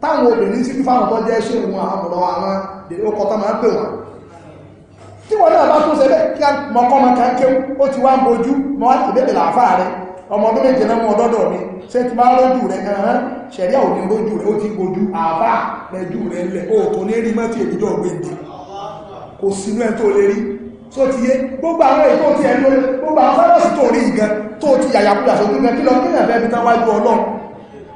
táwọn obìnrin sí fífàwọn tó jẹ́ ṣe ìwọ̀n àmọ̀rọ̀ àwọn ọkọ̀ tó máa ń pè wọ́n tí wọ́n náà bá tún ṣe bẹ́ẹ̀ kí mọ̀kọ́mọ kan kéwú ó ti wá ń bojú mọ́ wá làáfàá rẹ ọmọ ọdún méje náà mú ọdọ́dọ̀ mi ṣé ti máa lójú rẹ ẹ̀hán ṣẹ̀rí àwọn lójú rẹ ó ti bojú àbá lẹ́jú rẹ lẹ̀ ó ní rí mọ́tì èdè ọ̀gbẹ̀dẹ̀ kò sínú ẹ̀ tó lè tó ti yé gbogbo àwọn èyí tó ti ẹ̀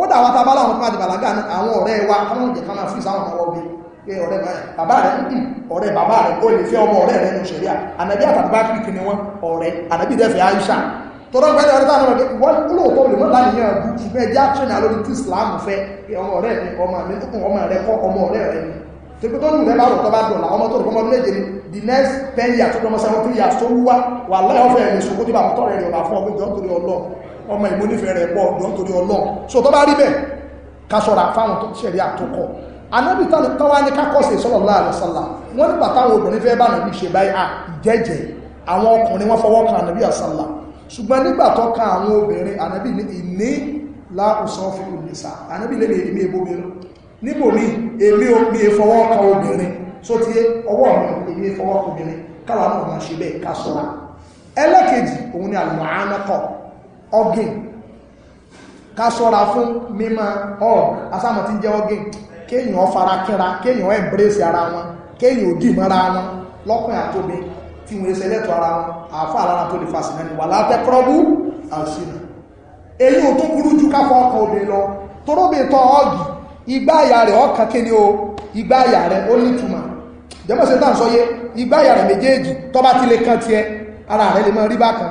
kódà àwọn tá a bá láwọn tó máa di bàlágà ní àwọn ọ̀rẹ́ wa káwọn jẹ ká máa fi sáwọn ọmọ ọbẹ pé ọ̀rẹ́ bàbá rẹ̀ ń dùn hmm, ọ̀rẹ́ bàbá rẹ̀ ó lè fẹ́ ọmọ ọ̀rẹ́ rẹ̀ nù ṣẹ̀ríà ànàbí àtàbí bá kìrìkì ni wọ́n ọ̀rẹ́ ànàbí dẹ́fẹ̀ Aisha tọ́rọ pẹ́lẹ̀ ọ̀rẹ́ táwọn ọ̀rẹ́ wọ́n lóòótọ́ lè wọ́n láàrin yàn bú ṣùgbọ́n ẹjá tìrìnà lórí tí Islam fẹ́ ọmọ ọ̀rẹ́ mi ọmọ mi ọmọ ni torí pé tó nù rẹ bá rọ̀ tó bá dọ̀là ni the next ten years tó lọ́mọ seven three ọmọ ìmú nífẹ̀ẹ́ rẹ̀ pọ̀ lọ́n torí ọlọ́run so tó bá rí bẹ́ẹ̀ ká sọ̀rọ̀ fáwọn tó ṣẹ̀rí àtọkọ̀ anábì táwa ní kákọ́sẹ̀ sallallahu alaihi wasallam wọ́n nígbà táwọn obìnrin fẹ́ bá nàbí ṣe báyìí à jẹ́jẹ́ àwọn ọkùnrin wọ́n fọwọ́ kan ànàbí àsàlà ṣùgbọ́n nígbà tó kan àwọn obìnrin ànàbí ní ìní láùsọ fi òmìnira ànàbí lè èmi ebóbìnrin níbò mi èmi omi ìfọwọ́ kan obìnrin tó ti ọwọ́ mi èmi ìfọwọ́ obìnrin káwa náà máa ṣe bẹ́ẹ̀ ká sọ́ra ẹlẹ́kejì òun ni àlùmọ̀ organ ká sọ́ra fún mímọ̀ org asámọ̀ tí ń jẹ́ organ kéèyàn fara kínra kéèyàn embrace ara wọn kéèyàn ò dì mọ́ra wọn lọ́kùnrin àtóbi tí wọ́n ṣe lẹ́tọ̀ ara wọn àfà alára tó lè fa sínú ẹni wà látẹ́kọ́rọ́bù àṣìnà èyí ò tún burú ju káfọ́ ọkọ̀ obìnrin lọ toróbìn tọ́ ọ́ọ̀gì igbá àyà rẹ̀ ọkàn kéde o igbá àyà rẹ̀ ó nítumọ̀ jẹ́mọ̀sẹ̀ náà sọ yé igbá àyà rẹ̀ méjèèjì tó bá ti lè kan tiẹ̀ ara rẹ̀ lè mọ rí bákan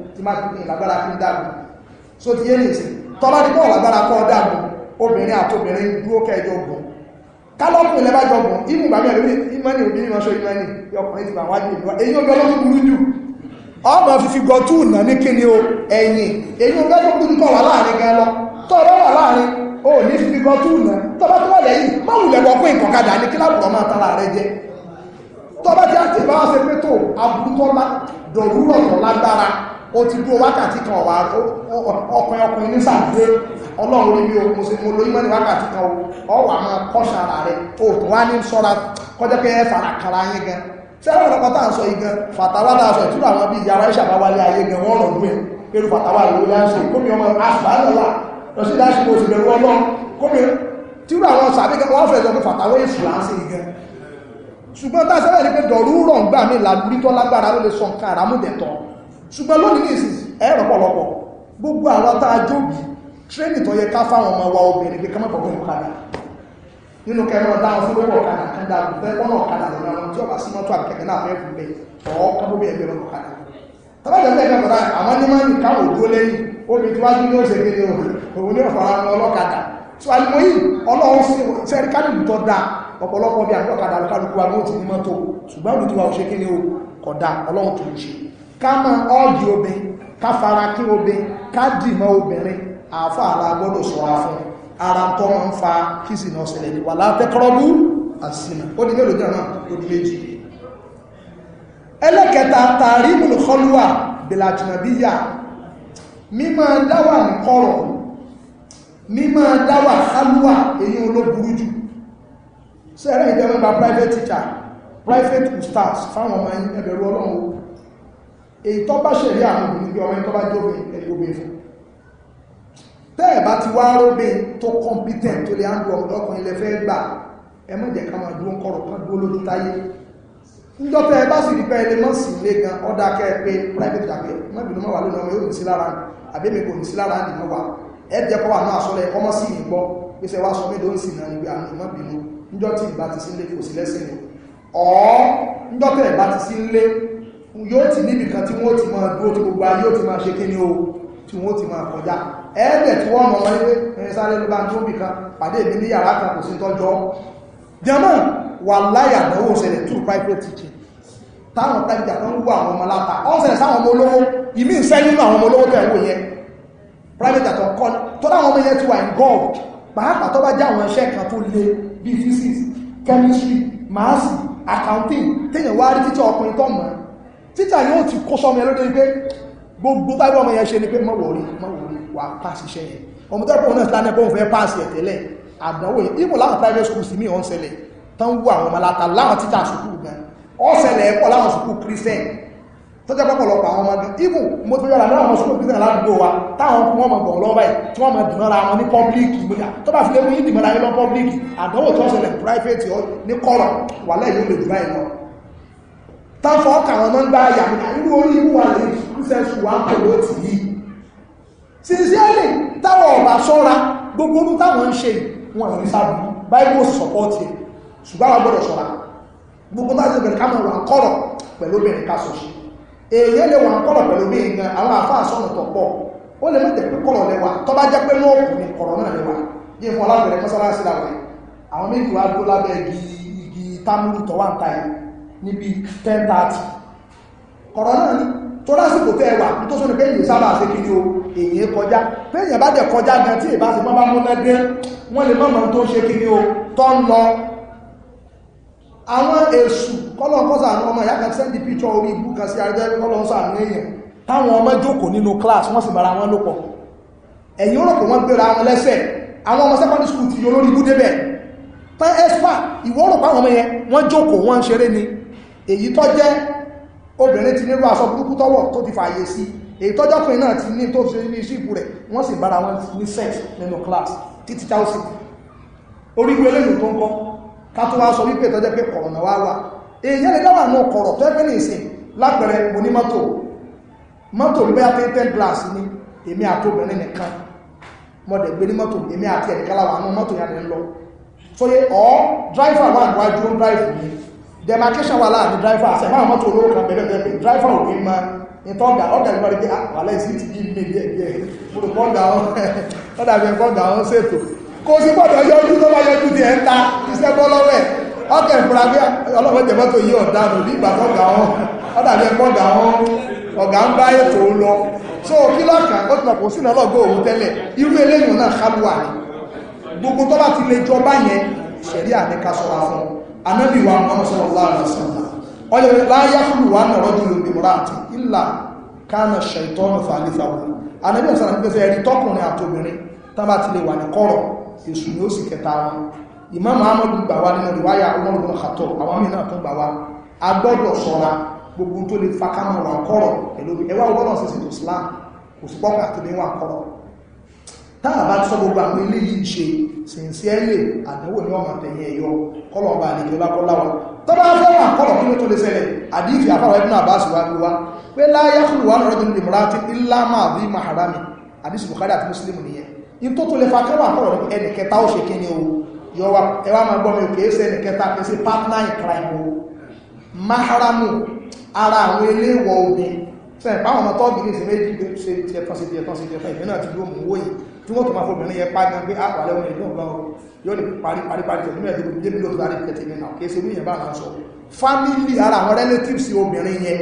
tí má bí ìlágbára fi ń so ti yé ní ìsìn tọ́lá ní bọ́ọ̀ lágbára kọ́ dàgbù obìnrin àti obìnrin dúró kẹjọ gùn kálọ́pù ilẹ̀ bá jọgùn inú ìgbàmí ẹ̀lú ìmọ́ni òbí ìmọ́ṣọ́ ìmọ́ni ọkùnrin ti bà wájú o ẹ̀yìn èyí ó gbọ́lọ́ burú kọ̀ wà láàrin gan lọ tó ọ̀rọ̀ wà láàrin ó ní fífi gọtú nà tó bá tó wà lẹ́yìn má wùlẹ̀ wọ pé nǹkan kadà ní kíláàbù ọmọ àtàrà rẹ jẹ tó bá ti á ti bá wá ṣe pé tó aburú tó lágbára ó ti dúró wákàtí kan ọ̀wà ọkùnrin ọkùnrin ní sàdúró ọlọ́run orí mi ò mo sì mo lo ìmọ̀ ní wákàtí kan ọwà máa kọ́ṣà rẹ̀ o tó wá ní sọ́ra kọjá pé ẹ fara kara yín gan sẹ́wọ̀n ọlọ́pàá tá à ń sọ yìí gan fàtàwá tá a sọ ìtura àwọn bíi yàrá ìṣàbáwálé ayé gan wọ́n rọ̀dún ẹ̀ pẹ̀lú fàtàwá ìlú láńṣe kómi ọmọ asùbáyọ̀lá lọ sí láṣẹ mo sì bẹ̀rù ọlọ́run kómi tíru àwọn sàbí gan wọ́n fẹ̀ẹ́ sọ pé fàtàwá èsù láńṣe yìí gan ṣùgbọ́n tá a sẹ́wọ̀n ní pé dọ̀rú rọ̀ ń gbà mí làdúrí tó lágbára ló lè sọ nǹkan àràmúdẹ̀tọ̀ ṣùgbọ́n lónìí ní ìsìn ẹ̀rọ pọ̀lọpọ̀ gbogbo àwọn tá a jóbi tírẹ́nì tó yẹ ká fáwọn ọmọ wa obìnrin pé kọ́mọ̀ pọ̀gbọ́n ọ̀kadà nínú kẹrọ dáhùn fún lọ́pọ̀ ọ̀kadà kan dáàbò bẹ́ẹ̀ lọ́nà ọ̀kadà lọ́nà àwọn tí ọba sí mọ́tò àkẹ́kẹ́ náà fẹ́ fún bẹ́ẹ̀ ọ̀ kábóbí ẹgbẹ́ lọ́nà ọ̀kadà tọ́bàjọ́ bẹ́ẹ̀ kẹrọ dáhùn àwọn ní máa ń káwò tó lẹ́yìn omi tí wájú ní òṣèré ní òun ní ọ̀fọ̀ra ká mọ́ ọ́ọ̀gì obìnrin ká fara kí obìnrin ká dìmọ́ obìnrin àáfà ara gbọ́dọ̀ sọ́ra fún ara tó máa ń fa kí sì náà ṣẹlẹ̀ ní wà látẹ́kọ́rọ́bù àsìnà ó di mélòó jẹ́ràn ó di méjì ẹlẹ́kẹta tààrí ìmùlùkọ́lùwà bìlàjìnàbíyà mímọ́ dáwà ní kọ́rọ̀ mímọ́ dáwà kálùwà èyí olóburú jù sẹ́rẹ̀ ìjọba private teacher private ustaz fáwọn ọmọ ẹgbẹ̀rún ọlọ́run èyí tó bá ṣẹ̀rí àwọn obìnrin bí ọmọ ẹni tó bá jóbe ẹni gbogbo ẹ̀fọ́ tẹ́ẹ̀ bá ti wá róbe tó competent tó lè handle ọ̀dọ́kùnrin lẹ fẹ́ gbà ẹ má jẹ́ ká máa dúró kọ̀rọ̀ kan dúró lójú táyé ńdọ́tẹ́ ẹ bá sì rí pé ẹni mọ́ sí ilé gan ọ̀dà kẹ́ ẹ pé private dàgbẹ́ má bínú mọ́wàá lónìí ọmọ yóò ní sí lára àbẹ́mi kò ní sí lára ní mọ́wàá ẹ jẹ́ kọ́ wà náà sọ́lẹ̀ ọmọ sí ìgbọ́ pèsè wá sọ méjì ó ń sì náà níbi àmì ìmọ̀ bínú ńdọ́tẹ́ ìbá ti sí ilé kò sí lẹ́sìn ọ̀ ńdọ́tẹ́ ìbá yóò ti níbi kan tí wọ́n ti máa dúró tí gbogbo ayé ó ti máa ṣe kíni o tí wọ́n ti máa kọjá ẹ̀ẹ́dẹ̀ tí wọ́n mọ̀ wọ́n ní pé ẹni sáré ló bá ń tó bì kan pàdé mi ní yàrá kan kò sí tọ́jọ́ jẹ́mọ̀ wà láyà náwó ṣẹlẹ̀ two private teaching táwọn tẹ́jà kan ń wú àwọn ọmọ láta ọ́n ṣẹlẹ̀ sáwọn ọmọ olówó ìmí ń sẹ́yìn nínú àwọn ọmọ olówó tẹ̀wò yẹn private àtọ̀ kọ́ tó láwọn ọmọ yẹn ti wà involved pàápàá tó bá já àwọn iṣẹ́ kan tó le bíi physics chemistry maths accounting téèyàn wá rí títí ọkùnrin tó mọ̀ títà yóò ti kó sọmọ ẹlọ́dọ̀ wípé gbogbo tábí ọmọ yẹn ṣe ni pé mọ́wọ̀rí mọ́wọ̀rí wà pàṣì iṣẹ́ yẹn ọmọ tẹ́lẹ̀ pọ̀ náà ti lánàá pọ̀ fẹ́ pàṣì ẹ̀ tẹ́lẹ̀ àdánwò yìí ibò láwọn private schools mi ọ̀n ṣẹlẹ̀ tán wú àwọn ọmọ aláta láwọn títà sùkúù gan ọ̀ ṣẹlẹ̀ ẹ̀kọ́ láwọn sùkúù christian tó jẹ́ pọ̀pọ̀lọpọ̀ àwọn ọmọ gan ibò mo ti yọra láwọn sùkúù christian ládùúgbò wa táwọn ọkùnrin ọmọ gbọ̀n lọ́wọ́ báyìí tí wọ́n mọ dìmọ́ra wọn ní pọ́blíkì gbéga tó bá fi lé mú yín dìmọ́ra yín lọ pọ́blíkì àdánwò tó ṣẹlẹ̀ private ní kọ́rọ̀ wà lẹ́yìn ó lè jù báyìí lọ táfọ́ ọkà wọn máa ń gbá àyà irú orí ìwà lè kúsẹ̀sù wà pẹ̀lú òtì yìí sincerely táwọn ọ̀bà sọ́ra gbogbo ọdún táwọn ń ṣe wọn àrí sábà bible support ẹ̀ ṣùgbọ́n àwọn gbọ́dọ̀ sọ́ra gbogbo bá ti bẹ̀rẹ̀ ká máa wà kọ́rọ̀ pẹ̀lú obìnrin ká sọ sí èèyàn lè wà kọ́rọ̀ pẹ̀lú obìnrin gan àwọn àfáà sọ̀nà tó pọ̀ ó lè mẹ́tẹ̀ pé kọ́rọ̀ lẹ́wà tó bá jẹ́ pé lóòkù ni kọ̀rọ̀ náà lẹ́wà yí fún alábẹ̀rẹ̀ mọ́sálásí làwọn àwọn méjì wá dó lábẹ́ igi támúrù tọ́wà ń ta yìí níbi 10:30 ọ̀rọ̀ náà ni tó lásìkò tẹ́ wà tó sọ ní pé èyí sábà ṣe kiri o èyí kọjá pé èyàn bá jẹ kọjá gan tí ìbá ṣe mọ́bá mọ́bá gẹ́ wọ́n lè mọ́mọ́ tó ṣe kiri o tọ́ ń lọ àwọn èṣù kọ́lọ̀kọ́sà àwọn ọmọ ìyá kan class wọ́n sì bára wọn ló pọ̀ ẹ̀yìn ó rò pé wọ́n gbéra wọn lẹ́sẹ̀ àwọn ọmọ secondary school ti yọ lórí ibú débẹ̀ tán expert ìwọ́rọ̀ pàwọn ọmọ wọ́n jókòó wọ́n ń ṣeré ni èyí tó jẹ́ obìnrin ti nírú aṣọ burúkú tọ́wọ̀ tó ti fààyè sí èyí tọ́jọ́ pin náà ti ní tó ṣe ní iṣẹ́ ìbú rẹ̀ wọ́n sì bára wọn ní sex nínú class títí chelsea orí ìwé lẹ́nu tó ń kọ́ ká tó wá sọ wípé tọ́jọ́ pé kọ̀rọ̀ náà wá wà èyí lè dáwà náà kọ̀rọ̀ tó ẹgbẹ́ ní ìsìn lápẹẹrẹ mo ní mọ́tò mọ́tò ló bẹ́yà pé ten glass ni èmi àti obìnrin nìkan mo dẹ̀ gbé ní mọ́tò èmi àti ẹ̀nìkan láwà nù mọ́tò yẹn lọ sóye ọ́ driver wà níwájú ó ń drive mi demarcation wà láàrin driver àti ẹ̀fà àwọn mọ́tò olówó kan bẹ̀rẹ̀ bẹ̀rẹ̀ driver ò ní mọ ìtọ́ ọ̀gá ọ̀gá ìgbà rẹ̀ àwàlẹ̀ sí ti bí mi díẹ̀ díẹ̀ olùkọ́gà ọ̀dà bí ẹ̀kọ́gà ọ̀hún ṣètò kò sí gbọ́dọ̀ yọjú tó bá yọjú ti ẹ̀ ń ta iṣẹ́ bọ́ lọ́wọ́ ẹ̀ ọ̀gá ìfura bí ọlọ́pàá jẹ̀ mọ́tò yìí ọ̀dà nù bí ìgbà tọ́gà ọ̀hún ọ̀dà bí ẹ̀kọ́gà ọ̀hún ọ̀gá ń bá ètò lọ so kí lọ́kàn ó ti lọ́pọ̀ sínú ọlọ́gọ́ òun tẹ́lẹ̀ irú eléyìn náà kálùwà ni gbogbo tó bá ti lè jọba yẹn ṣẹ̀rí àníkà sọ́ra fún un anábì wa Muhammad sallallahu alaihi wasallam ọjọ́ láyáhùn wà náà rọ́jú lóbi mọ́ráàtì ìlà kánà ṣẹ̀tọ́nù fàálífàwò anábì ọ̀sán àgbẹ́fẹ́ ẹ̀rí tọkùnrin àtòbìnrin tábà ti lè wà ní kọ́rọ̀ èṣù ni ó sì kẹta wọn ìmáàmù amadu gbà wá nínú ìwáyà ọmọlùmọ̀ àtọ̀ àwọn mí náà tún gbà wá a gbọ́dọ̀ sọ́ra gbogbo tó lè fa kámọ̀ wà kọ́rọ̀ pẹ̀lú ẹwà ọgbọ́dọ̀ sí sí kò sí pọ́kà tó lè wà kọ́rọ̀ táà bá sọ gbogbo àwọn ilé yìí ṣe sincerely àdánwò ní ọmọ àtẹ̀yìn ẹ̀yọ kọlọ̀ ọba àlejò lákọ́láwà tó bá fẹ́ràn àkọlọ̀ kí ló tó lè ṣẹlẹ̀ àdífì àfáwọ̀ ẹ̀bùn àbáṣì wá gbé wá pé láyé kúrò wà lọ́rọ̀ nínú ìmúra tí ńlá máa bí maharami àdísì Bukhari àti Muslim nìyẹn in tó tó lè fa kẹwà àkọlọ̀ ẹnì kẹta ó ṣe kíni o yọ wa ẹ wá máa gbọ́ mi kì í ṣe ẹnì kẹta kì í ṣe partner in crime o maharamu ara àwọn eléwọ̀ obìnrin sẹ́yìn pàwọn ọmọ tọ́ọ̀gì ní ìṣẹ́ méjì ṣe tiẹ̀ tán ṣe tiẹ̀ tán ṣe tiẹ̀ tán ìgbẹ́ náà ti ló mú tí wọ́n tó máa fọ́bìnrin yẹ pàdé pé àpà ah, lẹ́wọ̀n ìlú ọ̀gbọ́n yóò ní parí parí parí tẹ̀lú mẹ́rin tó débi lóòtú láti tẹ̀tẹ̀ mi náà kéèsì olúyẹn bá máa sọ fámílì ara àwọn relatives obìnrin yẹn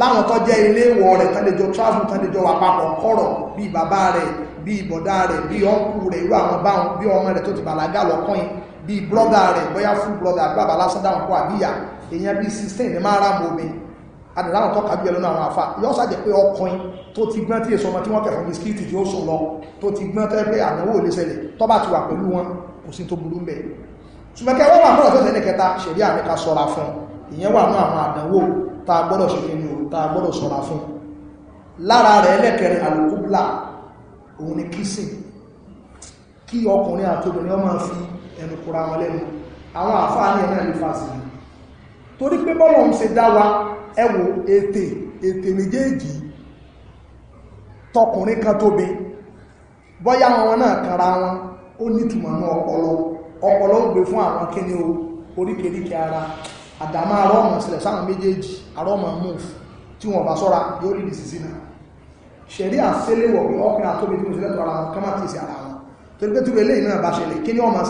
láwọn tó jẹ́ ilé ìwọ̀ rẹ̀ tánlẹjọ travel tánlẹjọ wà papọ̀ kọ̀rọ̀ bí bàbá rẹ̀ bí bọ̀dá rẹ̀ bí ọ̀nkù rẹ̀ irú àwọn báwọn bí ọmọ rẹ̀ tó ti bàlágà lọ́kàn yìí bí brọ́dà rẹ̀ bóyá fún brọ́dà bàbá lásán dáhùn kó àbíyà èèyàn bí 16 ní máa rà mọ́ obìnrin adìláwọn tó kàbí ẹlọ́nà àwọn àfà yọ́ sàjẹ̀ pé ọkùnrin tó ti gbọ́n tí èso ọmọ tí wọ́n kẹfọ́n bisikíìtì tí ó sùn lọ tó ti gbọ́n tẹ́ pé àdánwò lè ṣẹlẹ̀ tó bá ti wà pẹ̀lú wọn kò sí tó burú mẹ́ ṣùgbọ́kẹ́ wọ́n wà mọ́ ọ̀tọ́ ìṣẹ́lẹ̀ kẹta ṣẹ̀rí àmì ká sọ́ra fún ìyẹn wà mọ́ àwọn àdánwò tá a gbọ́dọ̀ ṣe fi ní o tá a gbọ́dọ̀ sọ́ra fún lára rẹ̀ ẹlẹ́kẹrin alùkúbla òun ni kìsìn kí ọkùnrin àti obìnrin ọmọ fi ẹnu kura wọn lẹ́nu àwọn àfáà ní ẹ̀mẹ́ lè fà sí torí pé bọ́lọ̀ ń ṣe dá wa ẹ wo ètè ètè méjèèjì tọkùnrin kan bọ́yá wọn náà wọn ó ní ọpọlọ ọpọlọ ń gbé fún àwọn kíní o oríkèríkè ara àdámá arọ́mọ̀ sílẹ̀ sáwọn méjèèjì arọ́mọ̀ tí wọ́n bá sọ́ra yóò rí sísí náà ṣẹ̀rí àṣẹ́lẹ̀wọ̀ ọkùnrin àtóbi tí mo ara wọn kọ́mátìsì ara wọn náà bá ṣẹlẹ̀ kíní ọmọ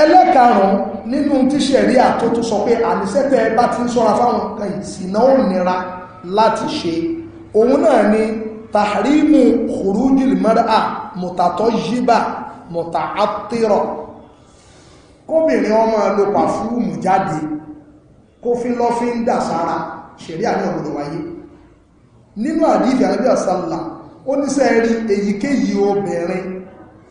ẹlẹ́karùn-ún nínú tíṣẹ̀rí àtótó sọ pé àníṣẹ́tẹ̀ bá ti ń sọ́ra fáwọn nǹkan ìsìná ò nira láti ṣe òun náà ni tahrimu khurujil mar'a mutatojjiba mutaattira kóbìnrin ọmọ lo pàfúùmù jáde kó fi lọ́ fi ń dà sára ṣẹ̀rí àní ọ̀gbọ̀dọ̀ wáyé nínú àdífì àníbí àsálà ó níṣẹ́ rí èyíkéyìí obìnrin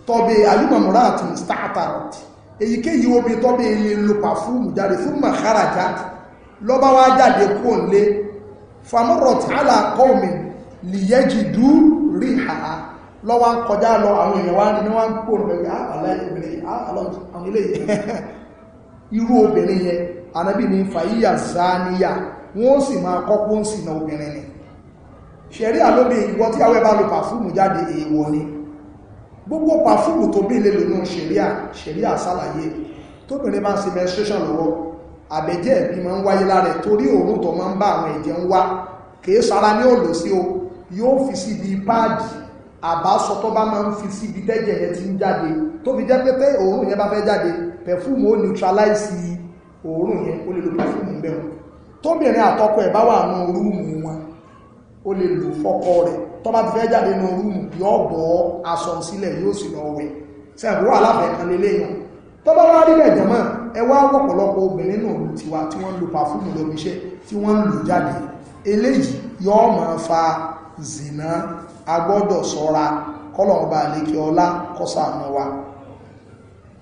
tọ́bẹ̀ ayúmọ̀mọ́ra àti mustaatarati eyike yi tọ́ bí ilé lupa pàfúùmù jáde fún màkàràjá lọ́bá wá jáde kó ń lé famọ́rọ̀ tí a là kọ́ omi lìyẹ́jì dú rí ha lọ́wọ́ kọjá lọ àwọn èèyàn wá ní wọ́n ń kó lórí aláìbìnrin àwọn ilé irú obìnrin yẹn anábì ní fàyíyà záníyà wọ́n sì máa kọ́kọ́ ni ṣẹ̀rí àlóbi tí bá jáde èèwọ̀ ni gbogbo pàfúùmù tó bí lélò náà ṣẹ̀ríà ṣẹ̀ríà sálàyé tóbìnrin máa ń ṣe menstruation lọ́wọ́ àbẹ̀jẹ́ ẹ̀bí máa ń wáyé lára torí òórùn tó máa ń bá àwọn ẹ̀jẹ̀ ń wá kìí sara ní òòlò sí o yóò fi síbi páàdì àbásọ tó bá máa ń fi síbi tẹ́jẹ̀ yẹn ti ń jáde tó fi jẹ́ pé tẹ́ òórùn yẹn bá fẹ́ jáde pẹ̀fúùmù ó neutralize òórùn yẹn ó lè lo pẹ̀fúùmù bẹ́ẹ̀ tóbìnrin àtọkọ ẹ̀ bá wà nù rúùmù wọn ó lè lò fọ́kọ rẹ̀ tó bá ti fẹ́ jáde nínú rúùmù yóò bọ́ aṣọ sílẹ̀ yóò sì lọ wẹ̀ sẹ́ẹ̀bù wà láfẹ̀ẹ́ kan lélẹ̀ yàn tó bá wá rí bẹ̀ jọmọ́ ẹ wá wọ̀pọ̀lọpọ̀ obìnrin náà lù tiwa tí wọ́n ń lo pàfúùmù lómi iṣẹ́ tí wọ́n ń lò jáde eléyìí yóò máa fa zìnà agbọ́dọ̀ ṣọ́ra kọ́lọ̀ọ̀bá àlékè ọlá kọ́sà àmọ́ wa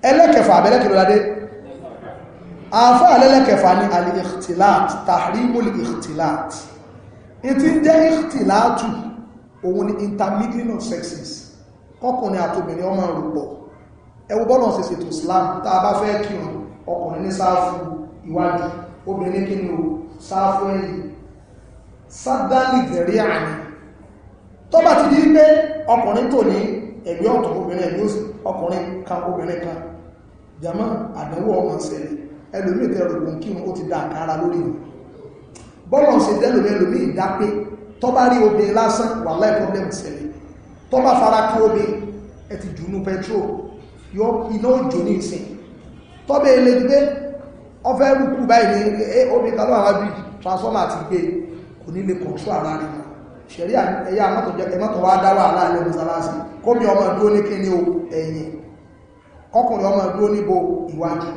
ẹlẹ́kẹfà abẹ́lẹ́kẹ̀lọ́dádé àfá alẹ́lẹ́kẹfà ní al-ikhtilat tahrimul ikhtilat ìtí jẹ́ ikhtilatu òun ni intermingling of sexes kọkùnrin àtòbìnrin ọmọ rúpọ̀ ẹwọ bọ́lọ̀ ṣe ṣètò Islam tá a bá fẹ́ kírun ọkùnrin ní sáàfù ìwájú obìnrin kí ni o sáàfù ẹ̀yìn sádálì tẹ̀rí àní tó bá ti di pé ọkùnrin tò ní ẹ̀gbẹ́ ọ̀tún obìnrin ẹ̀gbẹ́ òsì ọkùnrin kan obìnrin kan jama àdánwò ọmọ ṣẹlẹ̀ ẹlòmíì tẹ̀rọ̀ kò kírun ó ti dá àkàrà lórí bọ́lọ̀ ṣe tẹ́lòmí ẹlòmíì dápé tó bá rí obìnrin lásán wà láì problem ṣẹlẹ̀ tó bá fara kí obìnrin ẹ ti jùnú petrol yọ iná òjò ní ìsìn tó bẹ́ ilé gbé ọfẹ́ rúkú báyìí ní obìnrin kan lọ́wọ́ bí transformer ti gbé kò ní lè control ara rẹ̀ ṣẹ̀rí ẹ̀yà ẹ̀mọ́tọ̀ wá dá wà láàrin mọ́sálásí kómi ọmọ dúró ní kíní o ẹ̀yìn ọkùnrin ọmọ dúró níbo ìwájú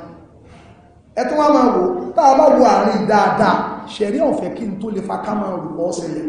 ẹ̀tún wá máa wò táà bá wo àárín dáadáa ṣẹ̀rí ọ̀fẹ́ kí n tó lè fa ká máa rù ọ́ ṣẹlẹ̀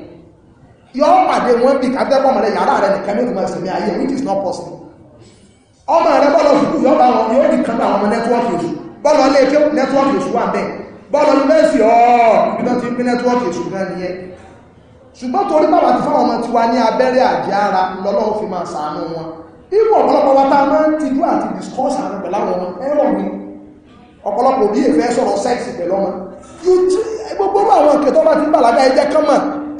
yọ́ pàdé wọn bí kábẹ́kọ̀ mọ̀lẹ́ yàrá rẹ̀ nìkan ní ìgbìmọ̀ ìsinmi ayé which is not possible ọmọ rẹ̀ bọ́lọ̀ sùkú yọ́ bá wọn yóò nìkan bá àwọn nẹ́tíwọ́kì èṣù bọ́lọ̀ ilé ẹjọ́ nẹ́tíwọ́kì èṣù wà bẹ́ẹ̀ bọ́lọ̀ ní mẹ́sì ọ̀ọ́bí náà ti ń pín nẹ́tíwọ́kì èṣù náà nìyẹn ṣùgbọ́n torí bàbá ti fáwọn ọmọ tiwa ní abẹ́rẹ́ àjẹ́ ara lọ́lọ́run fi máa sàánú wọn irú ọ̀pọ̀lọpọ̀ wa tá a máa ń tijú àti discourse àwọn pẹ̀lú àwọn ọmọ ẹ̀rọ mi ọ̀pọ̀lọpọ̀ òbí èfẹ́ sọ̀rọ̀ sẹ́ẹ̀sì pẹ̀lú ọmọ gbogbo àwọn ìkẹtọ́ bá ti ń bàlágà ẹjẹ́ kánmà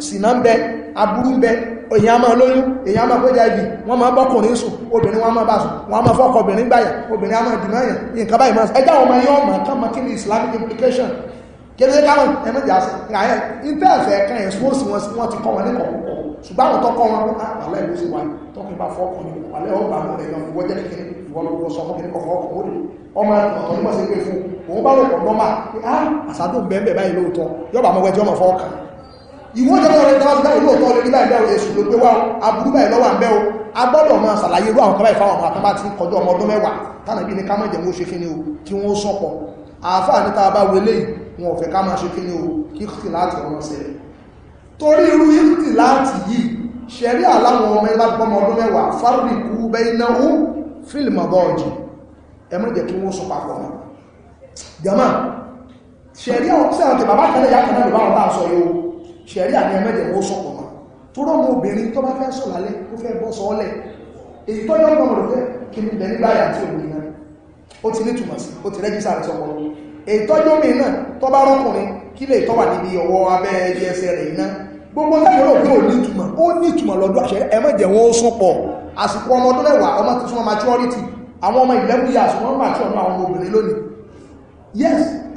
sì náà ń bẹ aburú ń bẹ èyàn máa lóyún èyàn máa kójá ibi wọ́n máa bọ́kùnrin sùn obìnrin wọ́n máa bá sùn wọ́n máa fọ́kọ̀ obìnrin gbáyà obìnrin a máa dìmọ́ èyàn nǹkan báyìí máa ẹjá wọn máa yọ ọmọ kan máa kí ni islamic implication kéde káwọn ẹmẹ́jà sí ìràyẹ̀ ìfẹ́ ẹ̀fẹ́ kan expose wọn sí wọ́n ti kọ́ wọn ní kọ̀ọ̀kọ̀ ṣùgbọ́n àwọn tọ́kọ́ wọn kó àpàlẹ́ ah, ló sì wà ní tọ́kùn bá fọ́kùn ní àpàlẹ́ ọgbà mú rẹ̀ yan ìwọ́jẹ́ ní kiri ìwọ́n lọ́wọ́ sọ fún kiri kọ̀ọ̀kọ̀ ọkọ̀ ó lè ọmọ ọ̀tọ̀ ní mọ̀ sí pé fún òun bá lọ́pọ̀ nọ́mà ah, pé á àsádùn bẹ́ẹ̀ báyìí lóòótọ́ yọ́bà mọ́wẹ́jọ́ mọ̀ fọ́ọ̀kan ìwọ́n jẹ́ lọ́rẹ́ dáwà báyìí lóòtọ́ lórí báyìí bẹ́ẹ̀ èṣù ló gbé wá aburú báyìí lọ́wọ́ àbẹ́ o a gbọ́dọ̀ máa ṣàlàyé irú àwọn kọ́báyìí fáwọn àtàbá ti kọjọ́ ọmọ ọdún mẹ́wàá tánà bí ní ká mọ̀jẹ̀ mọ́ ṣe kí ni o kí wọ́n sọ̀pọ̀ àáfà ní ta bá wọlé wọn ò fẹ́ ká máa ṣe kí ni o kí kìtì láti ọmọ ṣẹlẹ̀ torí irú kìtì láti yìí ṣẹ̀rí àláwọn ọmọ ẹlá ọmọ ọdún mẹ́wàá fárúbì kú bẹ́ẹ̀ iná ó fílìmù bọ́ọ̀jì ẹ mọ́ jẹ́ kí wọ́n sọ papọ̀ mọ́ jama ṣẹ̀rí àwọn tí àwọn tẹ̀ bàbá kan lè yá kan náà lè bá wọn bá sọ yóò ṣẹ̀rí àmì ẹmẹ́jẹ̀ wọ́n sọ̀pọ̀ ma tó rọ́ mọ́ obìnrin tó bá fẹ́ sọ lálẹ́ ó fẹ́ bọ́ sọ ọlẹ̀ èyí tó yọ́ lọ́rọ̀ fẹ́ kí ní bẹ̀rẹ̀ báyà tí òun náà ó ti ní túmọ̀ sí ó ti rẹ́jísà rẹ̀ sọpọ̀ èyí tó yọ́ mi náà tó bá rọ́kùnrin kí lè tọ́wà níbi ọwọ́ abẹ́ ẹbí ẹsẹ̀ rẹ̀ iná gbogbo lẹ́yìn rò pé ní ìtumọ̀ ó ní ìtumọ̀ lọ́dọ̀ àṣẹ ẹmẹ́jẹ̀ wọn ó sún pọ̀ àsìkò ọmọ ọdún mẹ́wàá ọmọ tuntun maturity àwọn ọmọ ìlẹ́wù yà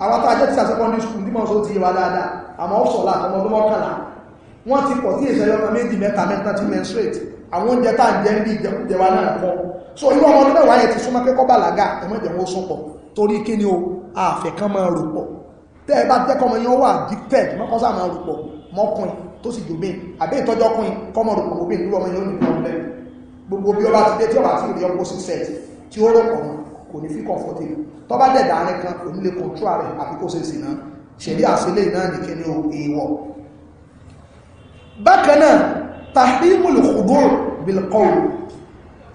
àwọn tá a jẹ́ tíṣà secondary school tí mọ̀ sọ ti wà dáadáa àmọ́ ó sọ̀lá àtọmọ ọdún mọ́kànlá wọ́n ti pọ̀ sí ìṣẹ́yọ́ kan méjì mẹ́ta mẹ́ta ti menstruate àwọn oúnjẹ tá à ń bí ìjẹkújẹ náà kọ́ so irú ọmọ ọdún mẹ́wàá yẹn ti súnmọ́ kẹ́kọ́ bàlágà ẹ̀mọ́ ìjẹ̀wọ́ ó sún pọ̀ torí kí ni o àfẹ́ kan máa rò pọ̀ tẹ́ ẹ bá jẹ́kọ́ ọmọ yẹn wà dípẹ́d mọ́kọ́sá máa rò pọ̀ mọ́kùn tó sì jòbí àbí ìtọ́jọ́kùn kọ́mọ rò pọ̀ òbí irú ọmọ yẹn ó ní problem gbogbo bí ọba ti dé tí kò ní fi comfortable tó bá dẹ̀dà rẹ̀ kan kò ní lè control rẹ̀ àfi kó ṣe sì náà ṣẹ̀rí àṣẹlẹ̀ náà ní kíní èèwọ̀ bákan náà tahrimul khudu' bil qawl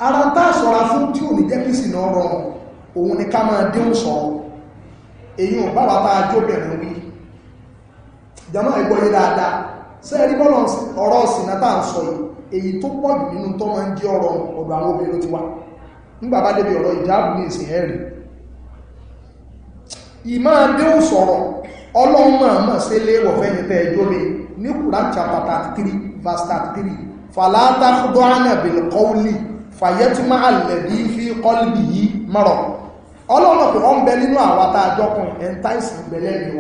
ara tá a sọ̀ra fún tí ò ní jẹ́ kí sì náà rọrùn òun ni ká máa déhùn sọ̀rọ̀ èyí ò bá wà bá a jóbẹ̀rẹ̀ wí jama ẹgbọ́ yé dáadáa sẹ́ẹ̀rí bọ́lọ̀ ọ̀rọ̀ ọ̀sìn náà tá à ń sọ yìí èyí tó pọ̀ jù nínú tó máa ń jẹ́ ọ̀rọ̀ ọ̀dọ̀ àwọn obìnrin ti wá nígbà bá débi ọ̀rọ̀ ìjáàbù ní ìsìn ẹ̀rì ìmá dé ò sọ̀rọ̀ ọlọ́run máa mọ̀ sí ilé ìwọ̀fẹ́ ní tẹ́ ẹjọ́ mi ní Quran chapter 33 verse 33 falata kudọ́ánà bil qawli fàyẹ́tìmá àlẹ̀bí fi kọ́lìbì yìí mọ̀rọ̀ ọlọ́run pé wọ́n bẹ nínú àwọn atájọ́ kan ẹ̀ńtá ìsìn gbẹ̀lẹ́ mi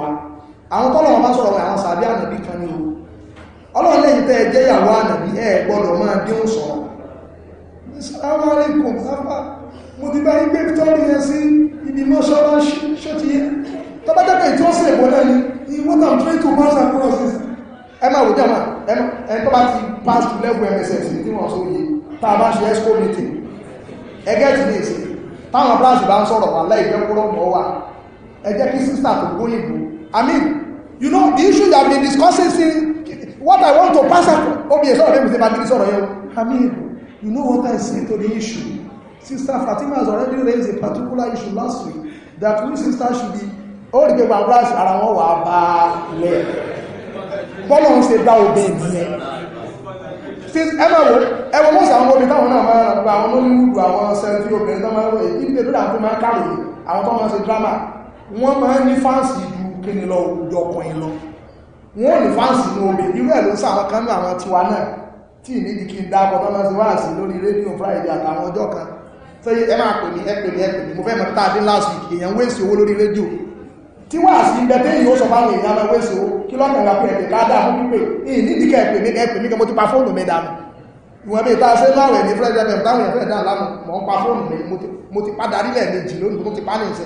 wa Assalamu alaikum afá mo ti bá yín gbé Victoria sí ibi mọ́ṣọ́láṣí ṣọ́tí yẹn tọ́bátẹ́pẹ̀ tí ó sì ẹ̀bọ̀ náà ni what I'm trying to pass across is ẹ máa wò jàmá ẹ tó bá ti pass to level mss tí wọ́n sọ yìí tá a bá ṣe exco meeting ẹ gẹ́ẹ̀tì ní ìsìn táwọn branch bá ń sọ̀rọ̀ wà láìpẹ́ kúrò mọ́ wa ẹ jẹ́ kí sister tó gbóyìnbó I mean you know the issue that we discussing what I want to pass across ó bí ẹ̀ sọ̀rọ̀ mẹ́mìí sí bá ti sọ̀rọ̀ yẹn I mean You know what I say to the issue? Sister Fatima has already raised a particular issue last week that we sister should be all the people abrash ara wọn wà bá lẹ̀ bọ́lọ̀ ń ṣe bá obìnrin nìyẹn tí ẹgbẹ́ wo ẹwọ mọ́sí àwọn obìnrin táwọn náà máa rà àwọn olóòlù àwọn sẹ́ńtì obìnrin náà máa rọ èyí ní pẹ̀lú àwọn tó máa kàròyìn àwọn tó máa ṣe drama wọ́n máa ní fáǹsì ju kíni lọ òjọkùnrin lọ wọ́n ní fáǹsì ní obìnrin irú ẹ̀ ló sáwọn kan ní àwọn tiwa náà tí ìníbi kí n dákọ̀ tọ́lá sí wáàsí lórí rédíò friday àtàwọn ọjọ́ kan tó yí ẹ máa pè mí ẹ pè mí ẹ mo fẹ́ mọ̀ tá a last week èèyàn wéèsì owó lórí rédíò tí wáàsí ń bẹ téèyàn ó sọ fáwọn èèyàn máa wéèsì owó kí lọ́kàn wà pé ẹ̀kẹ́ ká dáa fún pípé ìníbi kẹ́ pè mí kẹ́ pè mí kẹ́ mo ti pa fóònù mi dànù ìwọ̀n bí ta ṣe láwẹ̀ ní friday táwọn èèyàn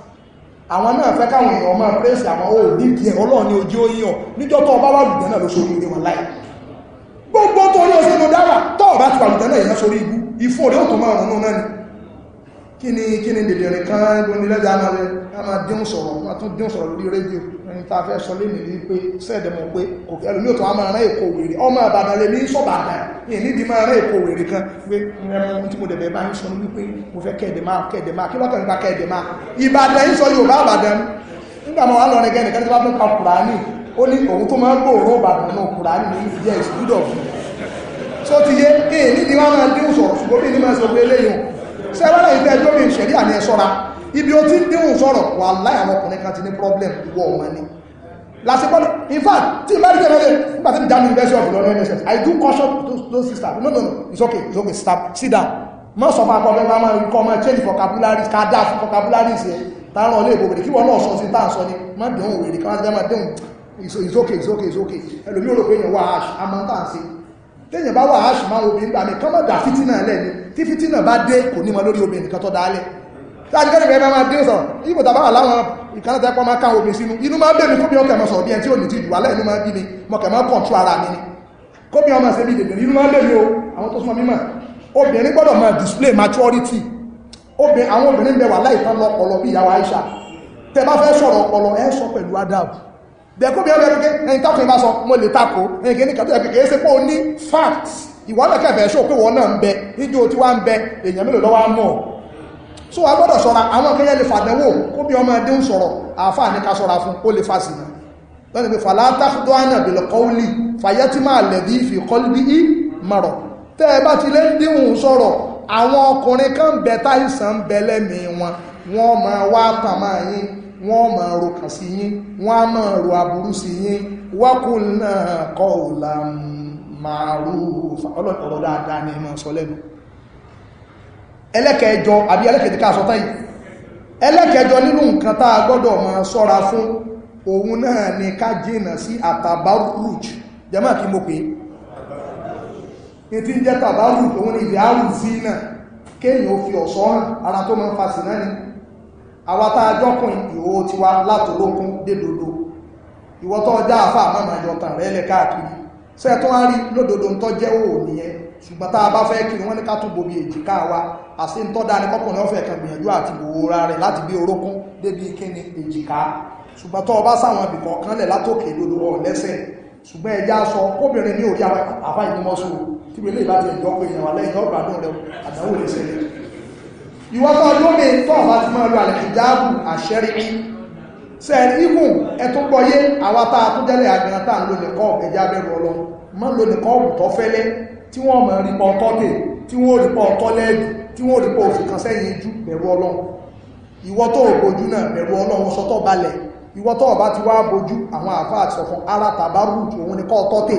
àwọn náà fẹ́ káwọn èèyàn máa pẹ́sì àwọn òní díẹ̀ ọlọ́run ní ojú oyíyàn níjọ́tọ̀ ọba wà lùdẹ́ náà ló sórí ilé wọn láì gbogbo tó ní oṣù dára tọ́ ọba ti wà lùdẹ́ náà èèyàn sórí ibú ìfò rẹ̀ òtò máa rànú náà ni kí ni kí ni dèdè rìn kan gbónilẹ́jà máa rẹ̀ a máa dín sọ̀rọ̀ a tún dín sọ̀rọ̀ lórí rédíò ẹni tá a fẹ́ sọ lé nìyí pé sẹ́ẹ̀dẹ̀mọ̀ pé kò kẹ́lú ní òtò a máa rán èkó wèrè ọmọ àbàdàn lè ní sọ̀bàdàn ìnídìí máa rẹ̀ èkó wèrè kan pé ẹmọ tí mo dẹ̀bẹ̀ bá ń sọ wípé mo fẹ́ kẹ́ẹ̀dẹ̀ máa kẹ́ẹ̀dẹ̀ máa kí lọ́kàn nípa kẹ́ẹ̀dẹ̀ máa ìbàdàn ń sọ yorùbá àbàdàn nígbà mọ́ alọ́rin gẹ́nì kẹ́ni tó bá fẹ́ ka kùránì ó ní òun tó máa ń gbòòrò ìbàdàn náà kùránì ní ìjẹ́ ìṣúdọ̀ tó ti yé ìnídìí wá máa ń dín sọ̀rọ̀ ṣùgbọ́n bí ní máa sọ pé eléyìí sẹ́wọ́n náà ìfẹ́ ẹjọ́ mi ìṣẹ̀rí àní ẹ sọ́ra ibi ó ti ń dín sọ̀rọ̀ wà láì àwọn ọkùnrin kan ti lásìkò in fact tí ìbá dìkẹ́ lọ́dẹ̀ nígbà tí mi dánu university of london nss i do caution those, sisters no no no it's okay it's okay stop sit down mọ́ sọ fún akọ́ mẹ́fà máa kọ́ máa change vocabularies ká dá fún vocabularies yẹn táwọn ọlẹ́ ìbò wèrè kí wọ́n náà sọ sí táà sọ ni má dẹ̀hùn wèrè kí wọ́n ti it's okay it's okay it's okay ẹlòmí ò rò pé èèyàn wà ash àmọ́ táà sí téèyàn bá wà ash máa wo obìnrin gbà mí kọ́mọ̀dà fìtínà lẹ́ni tí fìtínà bá dé kò sáájú kẹ́lẹ̀ bẹ́ẹ̀ máa dín sọ̀rọ̀ ibò tàbá wà láwọn ìkànnà tẹ́ pọ́ máa ká omi sínú inú máa bẹ̀mí kóbi ọkẹ̀ mọ́ sọ̀rọ̀ bí ẹn tí ò ní ti ìdùwà lẹ́nu máa bí mi mọ̀kẹ̀ máa kọ̀ tú ara mi ni kóbi ọmọ ṣe bí dèdè inú máa bẹ̀mí o àwọn tó súnmọ́ mímọ̀ obìnrin gbọ́dọ̀ máa display maturity àwọn obìnrin bẹ̀ wà láìpẹ́ lọ́pọlọ bí ìyàwó Aisha tẹ bá fẹ́ sọ̀rọ̀ ọpọlọ ẹ sọ pẹ̀lú adab dẹ̀kóbi ọmọ ẹgbẹ́ ẹni tákùnrin bá sọ mo lè tako ẹni kìíní kàtó ẹgbẹ́ kìí ṣe pé o ní facts ìwọ́n lẹ́kẹ̀ẹ́ fẹ́ ṣó pé wọ́n náà ń bẹ níjó tí wá ń bẹ èèyàn mélòó lọ́wọ́ á mọ̀ so a gbọ́dọ̀ ṣọ́ra àwọn kẹyẹ lè fàdánwò kó bí ọmọ ẹdín sọ̀rọ̀ àáfà ní ká ṣọ́ra fún ó lè fàṣì náà lọ́nà pé fàlátàdọ́nà bìlọ̀kọ́wùlì fàyẹ́tìmá lẹ̀bí fi kọ́lbí í mọ̀rọ̀ tẹ́ ẹ bá ti lé díhùn sọ̀rọ̀ àwọn ọkùnrin kan bẹ ẹlẹ́kẹ̀ẹ́jọ àbí ẹlẹ́kẹ̀ẹ́jì ká sọ ẹlẹ́kẹ̀ẹ́jọ nínú nǹkan tá a gbọ́dọ̀ sọ́ra fún òun náà ni ká jìnà sí àtàbárùj jẹ́mọ́ kí mo pè é tí ń jẹ́ tàbárùj òun ni ìyáàrù zina kéèyàn fi ọ̀ṣọ́ hàn ara tó máa ń fa sí náà ni àwa tá a jọ́kùn ìhòòhò tiwa látòlókun dédodo ṣùgbọ́n tá a bá fẹ́ kírun wọ́n ní ká tún bomi èjìká wa àti ntọ́da ni kọkùnrin ọ̀fẹ́ kan gbìyànjú àti wòra rẹ̀ láti bí orókún débi kíni èjìká ṣùgbọ́n tó o bá sáwọn ibì kọ̀ọ̀kan lẹ̀ látòkè lódò ọ̀ lẹ́sẹ̀ ṣùgbọ́n ẹja sọ kóbìnrin ní orí àfá ìdímọ́sù tí wọ́n lè bá ti ẹ̀jọ́ pé ìyàwó lẹ́yìn ọgbà náà rẹ̀ àdánwò lè ṣẹlẹ̀ ìwọ́tọ̀ lómi tó ọ̀fà ti máa lo àlẹ́kìjáàbù àṣẹ́rí ṣe ikùn ẹ̀tún gbọ́yé àwa tá a tún jẹ́lẹ̀ àgbìyàn tá à ń lo nìkọ́ ẹja bẹ̀rù ọlọ́run mọ́ lo nìkọ́ ọ̀bù tó fẹ́lẹ́ tí wọ́n mọ̀ rípọ̀ tọ́kè tí wọ́n rípọ̀ tọ́lẹ́ẹ̀dì tí wọ́n rípọ̀ òfìkan sẹ́yìn ijú bẹ̀rù ọlọ́run ìwọ tó bojú náà bẹ̀rù ọlọ́run sọtọ̀ balẹ̀ ìwọ tó bá ti wá bojú àwọn àfáà ti sọ fún ara tàbárù òun ni kọ́ tọ́tè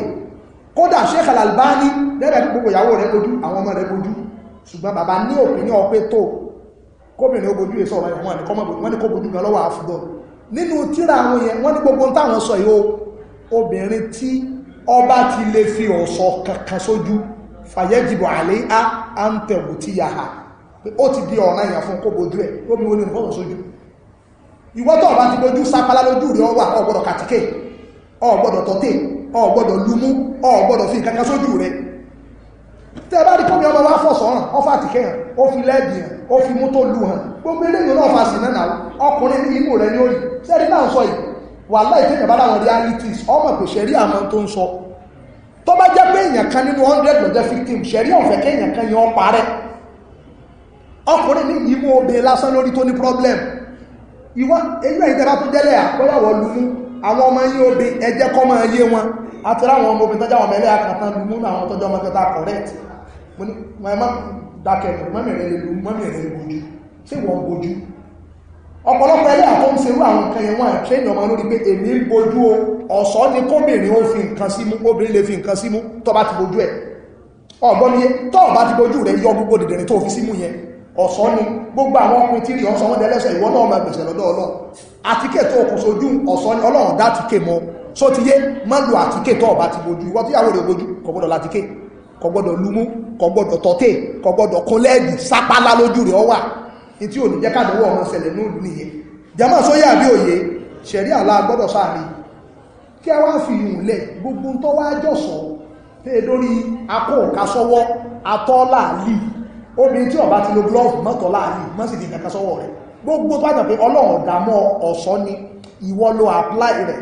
kódà Sheikh Al-Albani lẹ́rẹ̀ gbogbo ìyàwó rẹ̀ bojú àwọn ọmọ rẹ̀ bojú ṣùgbọ́n bàbá ní òpin ní ọpẹ́ tó kóbìnrin ó bojú èso ọ̀rọ̀ wọn ni kọ́mọ̀ bojú wọn ni kó bojú gan lọ́wọ́ àfúgbọ́ nínú tíra àwọn yẹn wọ́n ní gbogbo táwọn sọ yìí obìnrin tí ọba ti lè fi ọ̀sọ̀ kankan sójú fàyẹ́jìbọ̀ àlé á ń tẹ̀wò tí ya ti di ọna èèyàn fún kó ẹ̀ ó mú olè nìfọ́sọ̀ sójú ọba ti bojú sápálá lójú rẹ̀ ọwà ọgbọ́dọ̀ kàtíkè ọgbọ́dọ̀ tọ́tẹ̀ ọgbọ́dọ̀ lumú ọgbọ́dọ̀ fi kankan sójú rẹ̀ tẹ́ bá rí ọmọ wá fọ̀sọ̀ hàn hàn ó fi hàn ó lu hàn gbogbo náà fà sí náà ọkùnrin rẹ̀ ní náà wà láì tẹ́yìn bá láwọn realities ọmọ pé ṣẹ̀rí àmọ́ tó ń sọ tó bá jẹ́ pé èèyàn kan nínú 100 lọ́jọ́ victim ṣẹ̀rí ọ̀fẹ́ kéèyàn kan yan parẹ́ ọkùnrin ní ìmú obìnrin lásán lórí tó ní problem tó jẹ́lẹ̀ àkọ́yàwó àwọn ọmọ ẹjẹ́ kọ́ máa yé wọn àti ráwọn ọmọ tọ́jà àkàtà ọ̀pọ̀lọpọ̀ ẹlẹ́ àtọ́ ń serú àwọn nǹkan yẹn wọ́n àtẹ́yìn ọmọ lórí pé èmi ń bojú o ọ̀sọ́ ni kóbìnrin ó fi nǹkan símú obìnrin lè fi nǹkan símú tó bá ti bojú ẹ̀ ọ̀gbọ́niyé tó bá ti bojú rẹ̀ yọ gbogbo dìdìrín tó fi símú yẹn ọ̀sọ́ ni gbogbo àwọn ọkùnrin tí rí ọ̀sọ́ wọn dẹ́lẹ́sẹ̀ ìwọ náà máa gbèsè lọ́dọ̀ ọlọ́ àtíkè tó kù sójú ọ̀sọ́ ni ọlọ́run dá tíkè mọ́ só ti yé má lo àtíkè tó bá ti bojú ìwọ tí àwòrán bojú kò gbọdọ̀ látíkè kò gbọdọ̀ lumú kò gbọdọ̀ tọ́tẹ̀ kò gbọdọ̀ kọlẹ́ẹ̀dì sápálá lójú rẹ̀ ọ wà in tí ò ní jẹ́ kádọ́wọ́ lóòlù jama sọ́yà bí òye ṣẹ̀rí àlá gbọ́dọ̀ kí a fi ìhùn gbogbo tó wá jọ̀sọ̀ pé lórí akó òkasọ́wọ́ atọ́ láàlì obìnrin ọba ti lo glove mọ́tọ̀ láàlì mọ́ sì di gbogbo tó ọlọ́run dàmọ́ ni ìwọ lo apply rẹ̀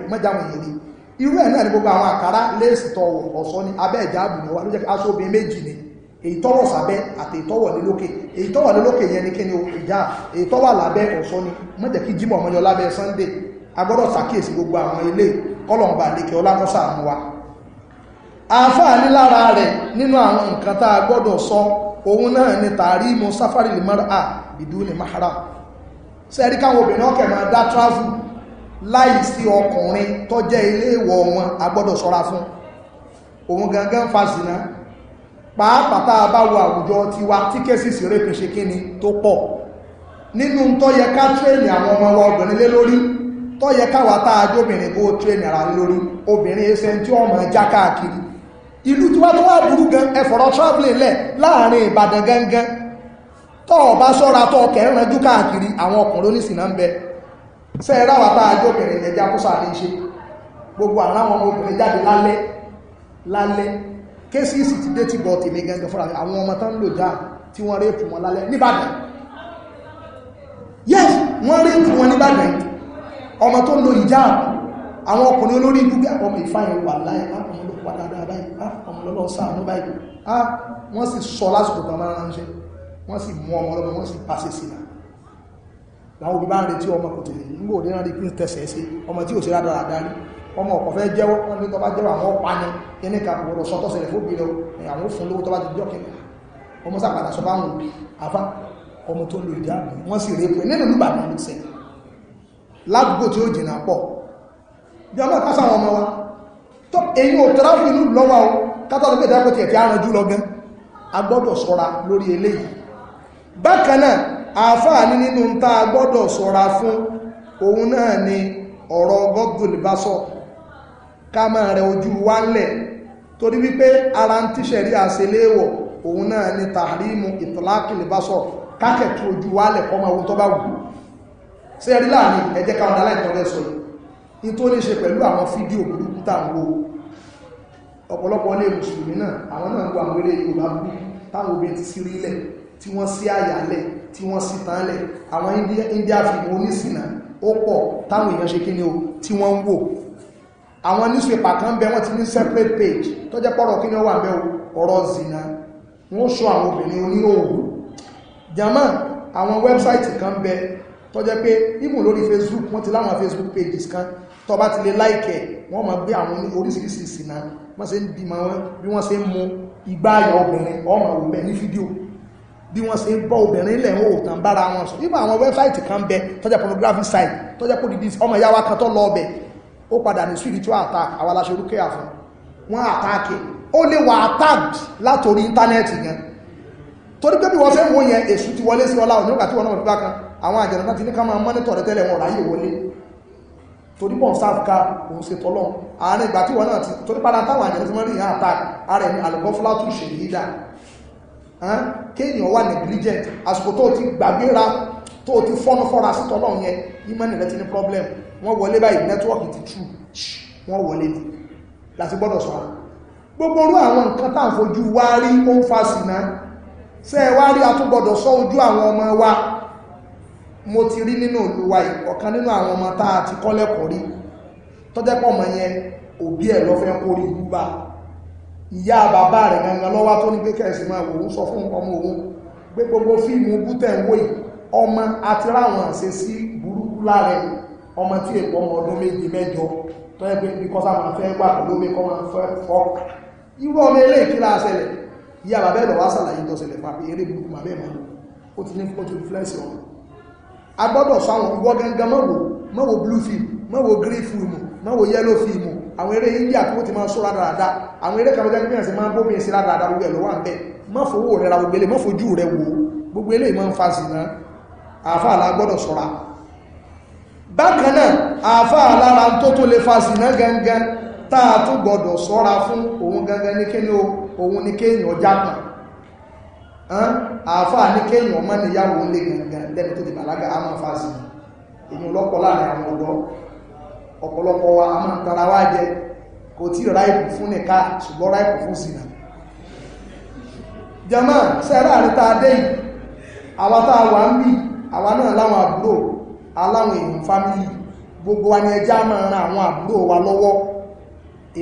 irú ẹ̀ náà ni gbogbo ni abẹ́ ló jẹ́ méjì èyí tọ́wọ̀ sábẹ́ àti ìtọ́wọ̀ lélókè èyí tọ́wọ̀ lélókè yẹn ní kíni ìjà èyí tọ́wọ̀ lábẹ́ ọ̀ṣọ́ ni mọ́jẹ̀ kí jímọ̀ ọmọyọ lábẹ́ sunday agbọ́dọ̀ sàkíyèsí gbogbo àwọn ilé kọlọ̀mbà lékè ọlámọ́sà mú wa àáfàá ní lára rẹ̀ nínú àwọn nǹkan tá a gbọ́dọ̀ sọ òun náà ni tààrí mu sáfárì lè mara ìdú ní mahara sẹ́rí káwọn obìnrin ọkẹ̀ máa dá tráfù láì sí ọkùnrin tó jẹ́ ilé ìwọ̀ wọn agbọ́dọ̀ sọ́ra fún òun gangan fásitì náà pàápàá tá a bá wo àwùjọ tiwa tí kẹ́sìsì rẹ̀ pèsè kíni tó pọ̀ nínú tó yẹ ká tírẹ̀nì àwọn ọmọ wa obìnrin lé lórí tó yẹ káwa tá a jóbìnrin kó tírẹ̀nì ara lé lórí obìnrin ẹsẹ̀ tí ọmọ já káàkiri ìlú tí wọ́n tó wá burú gan ẹ̀fọ̀rọ̀ traveling lẹ̀ láàrin ìbàdàn gangan tó o bá sọ́ra tó ọkẹ̀ ránjú káàkiri àwọn ọkùnrin oníṣìnà ń bẹ sẹ́ẹ̀ ráwa tá a jóbìnrin ẹja kó sáré ṣe gbogbo àwọn ọmọ obìnrin jáde lálẹ́ lálẹ́ kéṣìsì ti dé ti bọ̀ tèmi gangan fúnra àwọn ọmọ tán lò já tí wọ́n rèpù wọn lálẹ́ nìbàdàn yes wọ́n rèpù wọn nìbàdàn ọmọ tó lo ìjáàb àwọn ọkùnrin olórí ibú gbà ah, ọmọ ìfàyàn wà láì ah, ọmọ ló pa dáadáa báyìí ah, ọmọ lọ́lọ́ sáànú báyìí wọ́n sì sọ lásìkò kan máa ránṣẹ́ wọ́n sì mú ọmọ ọlọ́mọ wọ́n sì pàṣẹ sí náà làwọn òbí bá ń retí ọmọ kò tèmi nígbò òdé náà rí pín tẹ̀sẹ̀ sí ọmọ ọmọ ọ̀kọ̀ fẹ́ jẹ́wọ́ wọn ní tọba jẹ́wọ́ àwọn ọpa ni kíní kan gbọdọ̀ sọ tọ́sẹ̀lẹ̀ fóbi lọ àwọn òfin lówó tọba ti jọ kíní ọmọ sàpàdà sọ báwọn afá ọmọ tó ń lo ìdí àmì wọ́n sì rèé pé nínú ìlú bàbá ló sẹ ládùúgbò tí ó jìnà pọ̀ bí ọmọ ìkásá àwọn ọmọ wa tó èyí ò tẹ́ráfù inú lọ́wọ́ o kátà ló gbèdá pé tiẹ̀kẹ́ àrùn jù lọ gan a gbọ́dọ̀ ṣọ́ra lórí eléyìí bákan náà àáfàá ní nínú ta a ọ̀rọ̀ gọ́gùn ìbásọ̀ ká máa rẹ ojú wa lẹ̀ torí wípé ara ń tíṣẹ̀ rí àṣeléwọ̀ òun náà ni tàrímù ìtọ́lákìlì bá sọ kákẹ̀tù ojú wa lẹ̀ kọ́ máa wo tó bá wù ú ṣe rí láàrin ẹjẹ́ káwọn aláìtọ́lẹ̀ sọ yìí ní tó ní ṣe pẹ̀lú àwọn fídíò burúkú tá ń wo ọ̀pọ̀lọpọ̀ ilé mùsùlùmí náà àwọn náà ń wo àwọn eré Yorùbá burúkú táwọn obìnrin ti sí rílẹ̀ tí wọ́n sí àyàlẹ̀ tí wọ́n sí tánlẹ̀ àwọn India fi onísìnà ó pọ̀ táwọn èèyàn ṣe kí ni o tí wọ́n ń wò àwọn newspaper kan bẹ wọ́n ti ní separate page tó jẹ́ pọ́rọ̀ kí ní ọwà bẹ ọ̀rọ̀ zina wọ́n ṣọ́ àwọn obìnrin oníhòòhùn jama àwọn website kan bẹ tó jẹ́ pé even lórí facebook wọ́n ti láwọn facebook pages kan tó bá ti lè like ẹ̀ wọ́n máa gbé àwọn oríṣiríṣi ìsìnà wọ́n ṣe ń bímọ wọn bí wọ́n ṣe ń mu igbá àyà obìnrin ọmọ òbẹ̀ ní fídíò bí wọ́n ṣe ń bọ́ obìnrin ilẹ̀ ń òòtàn bára wọn sọ nígbà àwọn website kan bẹ tó jẹ́ pornography site tó jẹ́ pé ọmọ ìyá wa kan tó lọ ọbẹ̀ ó padà ní spiritual attack àwọn aláṣẹ orúkẹ́ àfún wọ́n àtàkì e. ó lè wà attacked látòrí íńtánẹ́ẹ̀tì yẹn torí pé bí wọ́n fẹ́ wọ́n yẹn èṣù ti wọlé sí ọlá òní ògbà tí wọ́n náà wọ́n kan àwọn àjẹ̀nà náà ti ní ká máa mọ́nítọ̀ rẹ̀ tẹ́lẹ̀ wọn ráyè wọlé torí bọ́n sáfíkà òun ṣe tọ́lọ́ àárín ìgbà tí wọ́n náà ti torí padà táwọn àjẹ̀nà ti mọ́rí ìyàn attack ara ẹ̀mí àlùbọ́fúlá tún ṣe yídà kéèyàn wà negligent àsìkò tó ti gbàgbéra tó ti fọ́nú fọ́ra sí tọ́lọ́ yẹn ìmọ̀nì rẹ̀ ti ní problem wọ́n wọlé báyìí nẹ́tíwọ́kì ti tú wọ́n wọlé ní láti gbọ́dọ̀ sọ gbogbo orú àwọn nǹkan tá ń fojú wá rí ó ń fa sínà ṣe wá rí a tún gbọ́dọ̀ sọ ojú àwọn ọmọ wa mo ti rí nínú ìlú wa ọ̀kan nínú àwọn ọmọ tá a ti kọ́ lẹ́kọ̀ọ́ rí tọ́jẹ́pọ̀ mọ̀ yẹn òbí ẹ̀ lọ́fẹ́ kórí ìlú bá ìyá bàbá rẹ̀ gangan lọ́wọ́ tó ní pé kẹ̀sì máa wò ó sọ fún ọmọ ọmọ tí èpọ̀ ọmọ ọdún méje mẹ́jọ tó ẹgbẹ́ ibi kọ́sá máa fẹ́ wà pẹ̀lú omi kọ́ máa fẹ́ fọ́ irú ọmọ ilé ìkíra ṣẹlẹ̀ yí àbá bẹ́ẹ̀ lọ́wọ́ sàlàyé tọ́sẹ̀lẹ̀ pàpẹ eré burúkú màá bẹ́ẹ̀ máa ó ti ní kó ti fílẹ̀sì ọ̀rọ̀ a gbọ́dọ̀ sọ àwọn ìwọ gangan mọ́wò mọ́wò blue film mọ́wò green film mọ́wò yellow film àwọn eré India tó ti máa sọ rádaràda àwọn eré kàwé jẹ́ pínyàn sí máa ń bómi sí rádaràda gbogbo ẹ̀ lọ́wọ́ à ń bẹ́ má fowó rẹ̀ ra gbogbo eléyìí má fojú rẹ̀ wò gbogbo eléyìí máa ń fa sí náà la gbọ́dọ̀ sọ́ra bákan náà àáfàá lára tó tó lè fa sínà gangan tá a tún gbọdọ̀ sọ́ra fún òun gangan ní kíni o òun ní kéèyàn jápọ̀ àáfàá ní kéèyàn ọmọ níyàwó lé gangan lẹ́nu tó ti bàlágà á máa fa sínà èyí lọ́pọ̀ láàrin àwọn ọ̀dọ́ ọ̀pọ̀lọpọ̀ wa a máa ń tara wá jẹ kò tí ráìpù fún nìka ṣùgbọ́n ráìpù fún sínà jama sẹ́rà àríta adé yìí àwa tá a wà ń bì àwa náà láwọn àbúrò aláwọn èèyàn fámílì gbogbo wa ni ẹjá máa ran àwọn àbúrò wa lọ́wọ́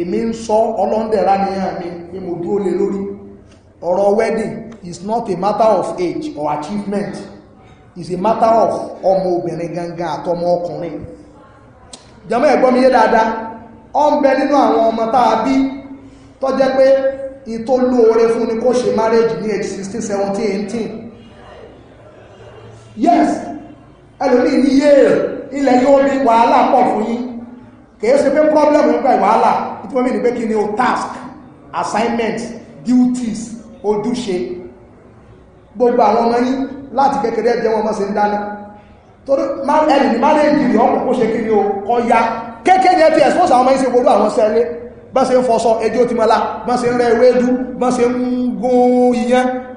èmi ń sọ ọlọ́ndẹ̀rá ni hàn mi pé mo dúró lé lórí ọ̀rọ̀ wedding is not a matter of age or achievement is a matter of ọmọ obìnrin gangan àtọmọ ọkùnrin jẹmọ ẹ̀gbọ́n mi yé dáadáa ọ ń bẹ nínú àwọn ọmọ tá a bí tó jẹ́ pé ìtò lóore fún ni kó ṣe marriage ní age sixteen seventeen eighteen yes ẹlòmí ní yéèrè ilẹ̀ yóò ní wàhálà pọ̀ fún yín kìí ṣe pé problem nípa ìwàhálà ìtumọ̀ mi ní pé kí ni o task assignment duties ojúṣe gbogbo àwọn ọmọ yín láti kékeré jẹ́ wọn mọ́ sí ń dáná torí ẹni ní márèèjì rí ọkùn kó ṣe kí ni o kọ ya kéèké ni ẹ ti ẹ̀sùn àwọn ọmọ yín ṣe gbogbo àwọn sẹ́lé bọ́n ṣe ń fọṣọ ẹjọ́ ti mọ́lá bọ́n ṣe ń rẹ ewédú bọ́n ṣe ń gún iyán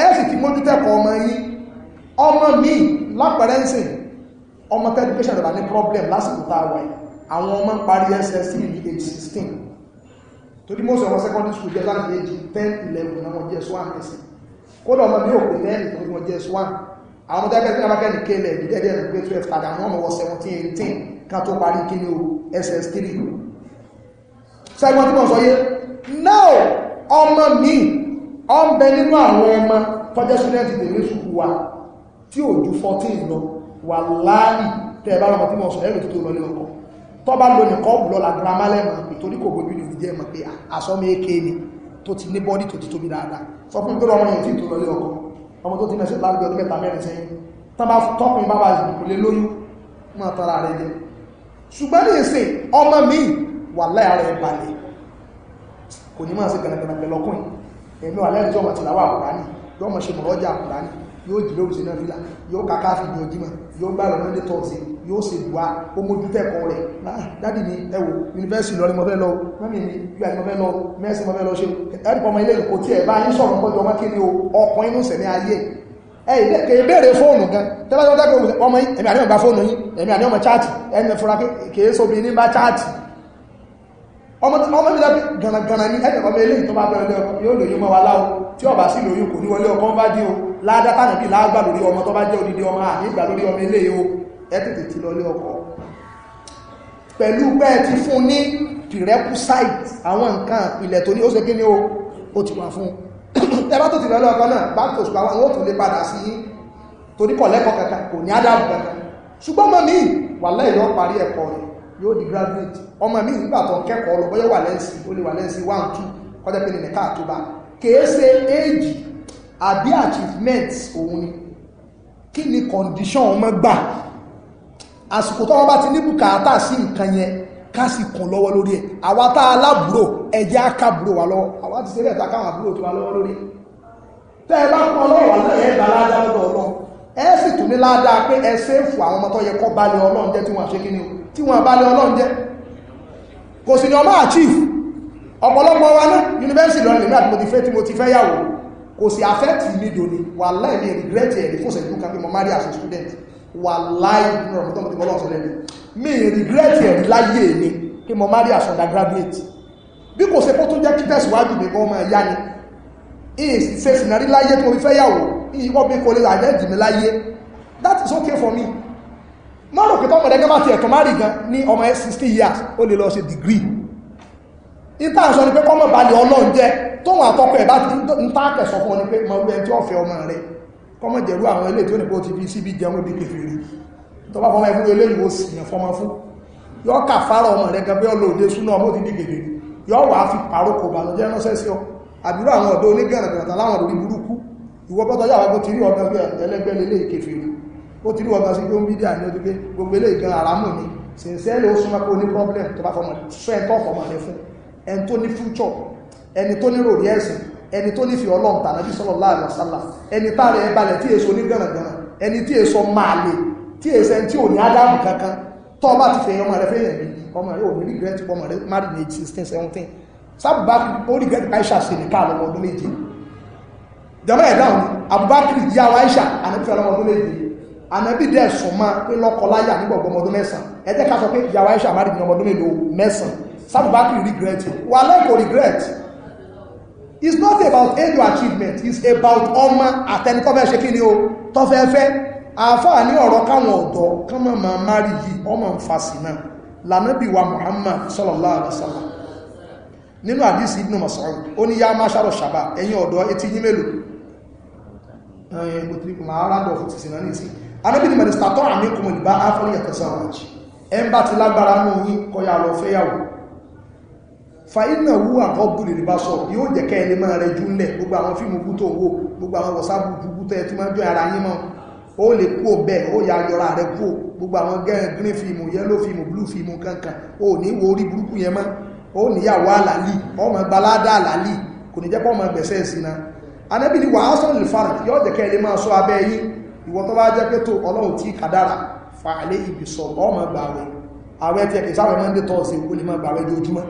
ẹ̀ẹ́sì ti mójú tẹ́kọ̀ ọmọ yí ọmọ mi lápẹ̀rẹ́ ń sìn ọmọ tẹ́dúkéṣàn rẹ̀ ní problem lásìkò tá a wà yìí àwọn ọmọ ń parí ss3 ní age 16 torí mọ́ sọ̀rọ̀ secondary school jẹ́ láti age 10 11 náà wọ́n jẹ́ swan ẹ̀sìn kódà ọmọ mi ò pè lẹ́yìn tó wọ́n jẹ́ swan àwọn ọmọdé akẹ́kẹ́ náà kẹ́ni kélẹ̀ ìdílé ẹ̀dẹ́ ẹ̀dẹ́ twelve tàbí àwọn ọmọ wọ 17 18 ká tó parí kí ni o ss3 sẹ́gbọ́n tí mo sọ yé no ọmọ mi ọ ń bẹ nínú àwọn ẹmọ tọ́jẹ́ student tèmi sùkú wa tí ò ju 14 lọ wà láàrí tẹ́ bá rọmọ tí mo sọ ẹ̀rọ tó lọ nílọ́kọ tọ́ bá lọ nìkan lọ la girama lẹ́mọ̀ ìtorí kò gbójú ní ìjẹ́ mọ̀ pé àsọ́mọ́ èké ni tó ti ní bọ́dí tó ti tóbi dáadáa sọ fún pé ọmọ yẹn tí tó lọ nílọ́kọ ọmọ tó ti mẹ́sẹ̀ láti ọdún mẹ́ta mẹ́rin sẹ́yìn tọ́kùnrin bá bá yìí kò lè lóyún mọ́ tara rẹ̀ jẹ ṣùgbọ́n ní ìsìn ọmọ mi wà láyà rẹ̀ balẹ̀ kò ní máa ṣe gànàgànà pẹ̀lọ́kùnrin ẹ̀mí wà lẹ́yìn tí ọmọ tìlàwà àkùránì yóò mọ̀ ṣe mọ̀ lọ́jà àkùránì yóò jì lóòrùn sínú ìlà yóò kàkà fi ní ojúmọ̀ yóò gbà lọ monday thursday yóò ṣe dùá ó mójú tẹ́kọ̀ọ́ rẹ̀ ah, dádì ní ẹwò yunifásitì lọ́rin mọ́fẹ́ lọ mẹ́mí ní us mọ́fẹ́ lọ mẹ́sì mọ́fẹ́ lọ ṣe ẹ̀rìpọ̀ ọmọ ilé ìkò tí ẹ̀ bá yín sọ̀rọ̀ pọ́jọ ọmọ kí ni o ọkùn inú sẹ̀mí ayé ẹ̀ kèé béèrè fóònù gan tẹ́lá ọmọ tí ọmọ ìlàbí gànàgànà ní ẹ̀dẹ̀kọ́ mẹ́ ilé ìtọ́bá bẹ̀rẹ̀ ọkọ̀ yóò lòyún mọ́ wa láwọ́ tí ọba sí lòyún kò ní wọlé ọkọ̀ bá dí o ládátà nìbí láàgbà lórí ọmọ tó bá jẹ́ odidi ọmọ àmì ìgbà lórí ọmọ ilé o ẹ̀tẹ̀tẹ̀ ti lọlé ọkọ̀ pẹ̀lú bẹ́ẹ̀ ti fún ní prerequisite àwọn nǹkan ilẹ̀ tó ní ó ṣe kí ni o ó ti wà fún ẹbá tó ti lọlé ọkọ̀ náà bá tó ṣùgbọ́n àwọn òtún lè padà sí torí kọ̀lẹ́kọ̀ọ́ kankan kò ní ádámù kankan ṣùgbọ́n mọ́ lọ yóò di graduate ọmọ mi nígbà tó kẹ́kọ̀ọ́ lọ bọ́yọ́ wà lẹ́sìn ó lè wà lẹ́sìn one two kọ́jọ́ pé nìkan àti ọba kìí ṣe age àbí achievements òun ni kí ni condition ọmọ gbà àsìkò tó wọn bá ti ní bùkátà sí nǹkan yẹn ká sì kàn lọ́wọ́ lórí ẹ̀ àwa tá a lábúrò ẹ̀jẹ̀ á kábúrò lọ́wọ́ àwa ti ṣe bẹ́ẹ̀ ta káwọn àbúrò tó wa lọ́wọ́ lórí tẹ́ ẹ bá kọ́ lọ́wọ́ àlọ́ bá ládàá lọ́dọ̀ ẹ sì tún ní ládàá pé ẹ sẹ́ẹ̀fù àwọn ọmọ tó yẹ kọ́ balẹ̀ ọlọ́run jẹ́ tí wọ́n ṣe kíni tí wọ́n balẹ̀ ọlọ́run jẹ́ kò sì ní ọmọ àchief ọ̀pọ̀lọpọ̀ wa ní yunifásitì lọ nígbà tí mo ti fẹ́ tí mo ti fẹ́ yàwó kò sì àfẹ́tì mi dòní wà láì ní regret ẹ̀rí fún ṣẹ̀dú kan pé a student wà láì ní ọ̀rọ̀ tó mo ti bọ́lọ̀ sọ́lẹ̀ mi regret ẹ̀rí láyé mi pé mo marry as undergraduate bí kò ṣe kó tún jẹ́ kí tẹ̀síwájú mi fẹ́ yàwó ìwọ́n bí kò lè àjẹ́ jì mí láyé that is okay for me má rò pé tọ́mọ̀dé gẹ́gẹ́ bá ti ẹ̀tọ́ márì gan ní ọmọ 60 years ó lè lọ ṣe degree ìta sọ ni pé kọ́mọ̀ balẹ̀ ọlọ́run jẹ́ tóun àtọ́kọ̀ ẹ̀ bá ti ń táàkẹ̀ sọ fún ọ ni pé mọ̀ ẹni tí ó fẹ́ ọmọ rẹ̀ kọ́mọ̀ jẹ̀rú àwọn ilé tí ó ní pé ó ti fi síbi jẹun ibi kèfèrè tó bá fọmọ ẹfún eléyìí ó sì yàn fọmọ fún yọ kà fárọ ọmọ rẹ̀ gan bí ọlọ́ òde súná ọmọ ti di kèfèrè yọ wà á fi pàrókò bàlọ́jẹ́ ránṣẹ́ sí ọ àbúrò àwọn ọ̀dọ́ onígànàgànà láwọn orí burúkú ìwọ́pọ́tọ̀ yàwó kó ti rí ọ̀gá pé ẹlẹ́gbẹ́ lélé ìkẹfìrí ó ti rí ọ̀gá sí pé ó ń bídí àní ọdún pé gbogbo ilé ìgan àrámù ni sìnsẹ́lẹ̀ ó súnmọ́ pé ó ní problem tó bá fọmọ sọ ẹ̀ tọ́ fọmọ rẹ fún ẹni tó ní future ẹni tó ní ròrí ẹ̀sìn ẹni tó nífi ọlọ́run tà nàbí sọ́lọ̀ láàrin ọ̀sálà ẹni táàrẹ ẹ balẹ̀ tí èso ní gànàgànà ẹni tí èso máa lè tí èso ẹni tí ò ní ádámù kankan tó bá ti fẹ̀yìn ọmọ rẹ fẹ̀yìn ẹ̀mí ọmọ rẹ ò ní regret ọmọ rẹ marriage sixteen seventeen sábà bá ó regret aisha sí ní káàlọ́ ọdún méje jama ẹ̀ dáhùn Abubakar ìyá wa Aisha ànábì fẹ́ lọ́mọ ọdún méje ànábì dẹ̀ sùn máa pé lọ́kọláyà nígbà ọgbọmọ ọdún mẹ́sàn-án ẹ jẹ́ ká sọ pé ìyá wa Aisha má dìbò ọdún mélòó mẹ́sàn-án sábùbákìrì regret wà lẹ́kọ̀ọ́ regret it's not about age or achievement it's about ọmọ àtẹni tó fẹ́ ṣe kí ni o tó fẹ́ fẹ́ àáfàá ní ọ̀rọ̀ káwọn ọ̀dọ́ kán mọ̀ máa márì yìí ọmọ ń fasì náà lànàbí wa Muhammad sallallahu alaihi wasallam nínú àdísì ibn Mas'ud ó ní yá máṣàrọ̀ ṣàbà ẹ̀yin ọ̀dọ́ etí yín mélòó fàínà wú àkọ́bùlì rí bá sọ yóò jẹ́ kẹ́ ẹni máa rẹ júlẹ̀ gbogbo àwọn fíìmù bú tó wó gbogbo àwọn wọ̀sáàbù jùgbú tẹ́ tí máa jọ ara yín mọ́ ó lè kú bẹ́ẹ̀ ó yà yọra rẹ̀ kú gbogbo àwọn gẹ́rin green fíìmù yellow fíìmù blue fíìmù kankan ó ní wo orí burúkú yẹn mọ́ ó níyàwó àlàlì ọmọ gbaládà àlàlì kò ní jẹ́ pọ́ ọmọ gbẹ̀sẹ̀ ìsinmi anábì ni wàá sọ lìfàrà yóò jẹ́ kẹ́lẹ́ máa sọ abẹ́ yìí ìwọ tó bá jẹ́ pé tó ọlọ́run tí kàdára fa alẹ́ ibi sọ ọmọ gbàwẹ̀ àwẹ̀ tí ẹ̀kẹ́ sáwẹ̀ mọ́ndé tọ́ọ̀sẹ̀ ó lè máa gbàwẹ̀ ojoojúmọ́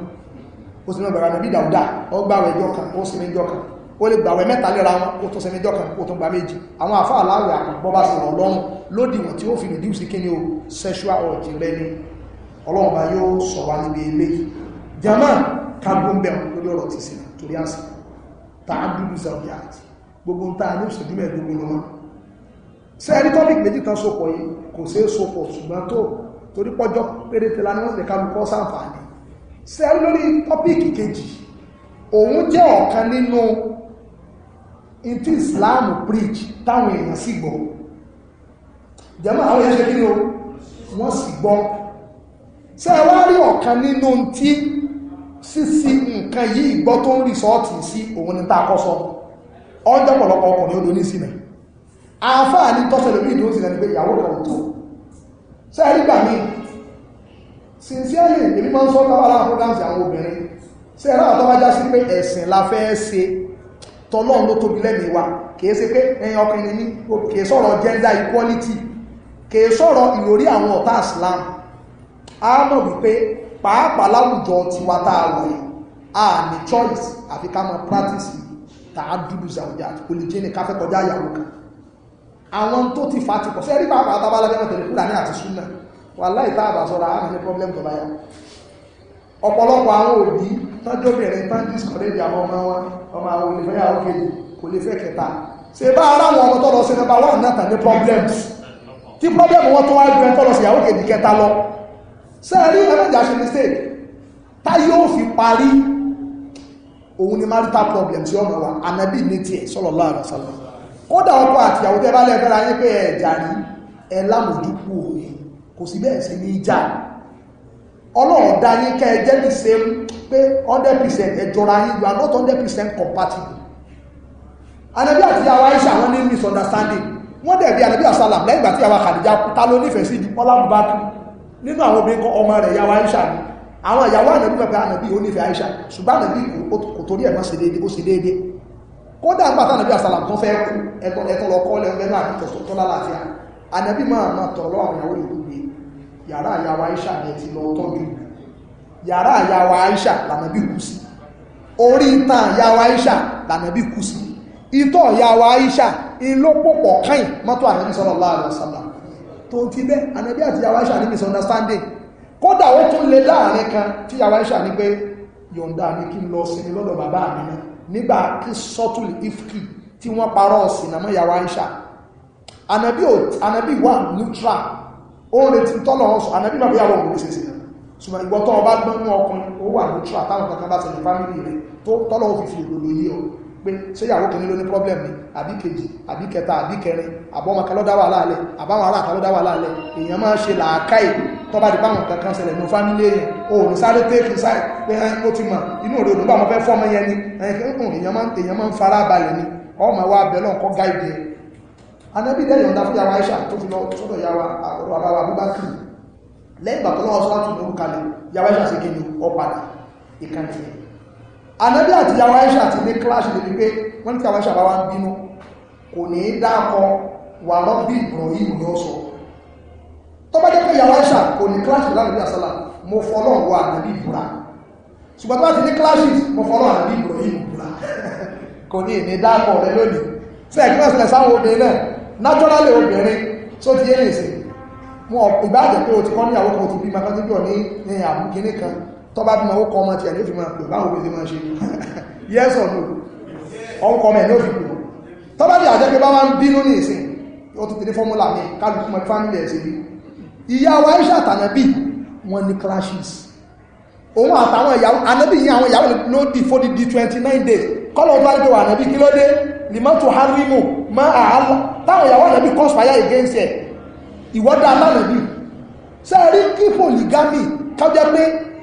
ó sì máa gbàwẹ̀ nàbí dàúdà ó gbàwẹ̀ ẹjọ́ kan ó sì mẹ́jọ́ kan ó lè gbàwẹ̀ mẹ́ta lẹ́ra wọn ó tún sẹ́mẹ́jọ́ kan ó tún gbà méjì àwọn àfáà láwẹ̀ àpapọ̀ bá sọ̀rọ̀ ọlọ́run lódì wọn tí ó fi reduce kí ni o sexual urge rẹ ni ọlọ́run bá yóò sọ wá níbi eléyìí jama kagbóńbẹ̀ lórí ọ̀rọ̀ ti sí torí àsìkò tààdùdù sàbí àti gbogbo ń tàà ní ìṣẹ́jú mẹ́ẹ̀dógún lọ́wọ́ sẹ́ẹ̀rí tọ́pìk méjì tán sopọ̀ yìí kò sí sopọ̀ ṣùgbọ́n tó torí pọ́jọ́ péréte la ní wọ́n sì kálukọ́ sàǹfààní sẹ́ẹ̀rí lórí tọ́pìk kejì òun jẹ́ ọ̀kan nínú ìtí Islam preach táwọn èèyàn sì gbọ́ jẹ́mọ́ àwọn èèyàn ṣe kí ni o wọ́n sì gbọ́ sẹ́ẹ̀ wá rí ọ̀kan nínú ti sísí nǹkan yìí ìgbọ́ tó ń rìsọ́ọ̀tì sí òun ní tá a kọ́ sọ ọjọ́ pọ̀lọpọ̀ ọkùnrin odò ní sínà àáfàá ní tọ́sẹ̀lẹ̀ bí ìdó sínà ní pé ìyàwó kan tó sẹ́rí gbà mí sincerely èmi máa ń sọ káwà láwọn programs àwọn obìnrin sẹ́rí àwọn tọ́wá já sí pé ẹ̀sìn la fẹ́ ṣe tọ́lọ́run ló tóbi lẹ́mìí wa kìí ṣe pé ẹ̀yin ọkùnrin ní kìí sọ̀rọ̀ gender equality kìí sọ̀rọ̀ ìròrí àwọn ọ̀tá Islam a mọ̀ wípé pàápàá láwùjọ tiwa tá a wọ̀ yìí a ní choice àfi ká máa practice tá a dúdú sàwùjá kò lè jẹ́ ní ká fẹ́ kọjá ìyàwó kan àwọn tó ti fa ti pọ̀ sí ẹ̀rí pàápàá tábà lábẹ́ wọn tẹ̀lé Kùránì àti súnà wà láì tá a bá sọ́ra á ní problem tó bá yà ọ̀pọ̀lọpọ̀ àwọn òbí tọ́jọ́bìnrin tán discourage àwọn ọmọ wọn ọmọ àwọn olùfẹ́yàwó kejì kò lè fẹ́ kẹta ṣe bá ara wọn ọmọ tọ́lọ sí number one náà tàbí problems tí problem wọn tó wá ju ẹ tọ́lọ sí ìyàwó kejì kẹta lọ sẹ́ẹ̀rí ẹgbẹ́jà ṣe mistake tá yóò fi parí òun ni marital problem tí ọmọ wa anabi ní tiẹ̀ sallallahu alaihi wasallam kódà ọkọ àti ìyàwó tẹ́ bá lẹ́fẹ́ra yín pé ẹ̀jà rí ẹ kò sí bẹ́ẹ̀ sí ní ìjà ọlọ́run dá yín kẹ́ ẹ same pé 100% ẹjọ́ra yín you are not 100% compatible anabi àti ìyàwó aisha misunderstanding wọ́n dẹ̀ bí anabi asalam lẹ́yìn ìgbà tí ìyàwó àkàdìjà ta ló nínú àwọn obìnrin kan ọmọ rẹ̀ yàwó Aisha ni àwọn ìyàwó ànàbí pẹ̀pẹ̀ ànàbí ó nífẹ̀ẹ́ Aisha ṣùgbọ́n ànàbí kò torí ẹ̀mọ́ ṣe déédé ó ṣe déédé kódà nígbà tánàbí àsàlà tó fẹ́ kú ẹ̀tọ́ lọ ìyàwó ìlú gbé káyìn mọ́tò ànàbí sallallahu alaihi wasallam tó ń ti bẹ́ ànàbí àti yàwá ìṣà ní misunderstanding kódà ó tún lè láàrin kan tí yàwá ìṣà ní pé yọ̀ǹda ní kí n lọ sinmi lọ́dọ̀ bàbá mi náà nígbà kí sọ́tùlì ifki tí wọ́n parọ́ ọ̀sìn àmọ́ yàwá ìṣà ànàbí wà neutral ó ń retí tọ́lọ̀ ọ̀sùn ànàbí bàbá yàwó òun ṣe sí neutral táwọn kankan bá ṣẹlẹ̀ fámìlì rẹ̀ tọ́lọ̀ pé ṣé ìyàwó kìíní ló problem ni àbí kejì àbí kẹta àbí kẹrin àbọ́mọ kan ló dá wà láàlẹ̀ àbáwọn ará kan ló dá wà láàlẹ̀ èèyàn máa ń ṣe làákàì tó bá di báwọn kankan ṣẹlẹ̀ ní fámílì èèyàn o ní sáré tẹ́ẹ̀kì sáì pé mo ti mọ̀ inú rẹ̀ olùgbà wọn fẹ́ fọ́mọ yẹn ni èèyàn máa ń fara balẹ̀ ni ọmọ wa bẹ̀lọ̀ kọ́ gáìdì ẹ̀ anábí dẹ́yọ̀ ọ̀dá fún yàwó Aisha tó fi lọ sọ́dọ̀ yàwó àrọ̀ àbáwà Abubakar lẹ́yìn bàtọ́lọ́wọ́ sọ́lá tún lórúkalẹ̀ yàwó Aisha sí kí ni ìkàntì ẹ̀ ànábì àti ìyàwó Aisha ti ní kíláàsì lè wípé wọ́n ní tí àwọn Aisha bá wá ń bínú kò ní dákọ wà rọ́bì Ibrahim ní ọ̀sọ̀ tó bá jẹ́ pé ìyàwó Aisha kò ní kíláàsì láti bí àsálà mo fọlọ́ wọ ànábì ìbúra ṣùgbọ́n tó bá ti ní kíláàsì mo fọlọ́ ànábì Ibrahim ìbúra *laughs* kò ní ìní dákọ rẹ lónìí sí ẹ̀kílẹ̀ sílẹ̀ sáwọn obìnrin tó bá bímọ ókọ ọmọ tí ẹ̀ ní fi máa pè báwọn obìnrin máa ṣe *laughs* yes or no ọkọ mẹ́ ní ó fi pè tó bá bí àjẹ́ pé bá máa ń bínú ní ìsìn ó tún ti ní fọ́múlà mi kálukú mọ́ fámílì ẹ̀ sí bí ìyá wa ń ṣàtànà bí wọ́n ní clashes òun àtàwọn ìyàwó anábì yìí àwọn ìyàwó ló di fódi di 29 days kọ́lọ̀ ọdún alẹ́ wà anábì kí ló dé limatu harimu ma àhálà táwọn ìyàwó anábì conspire against ẹ̀ ìwọ́dà alánàbì sẹ́ẹ̀rí kí polygamy kájẹ́ pé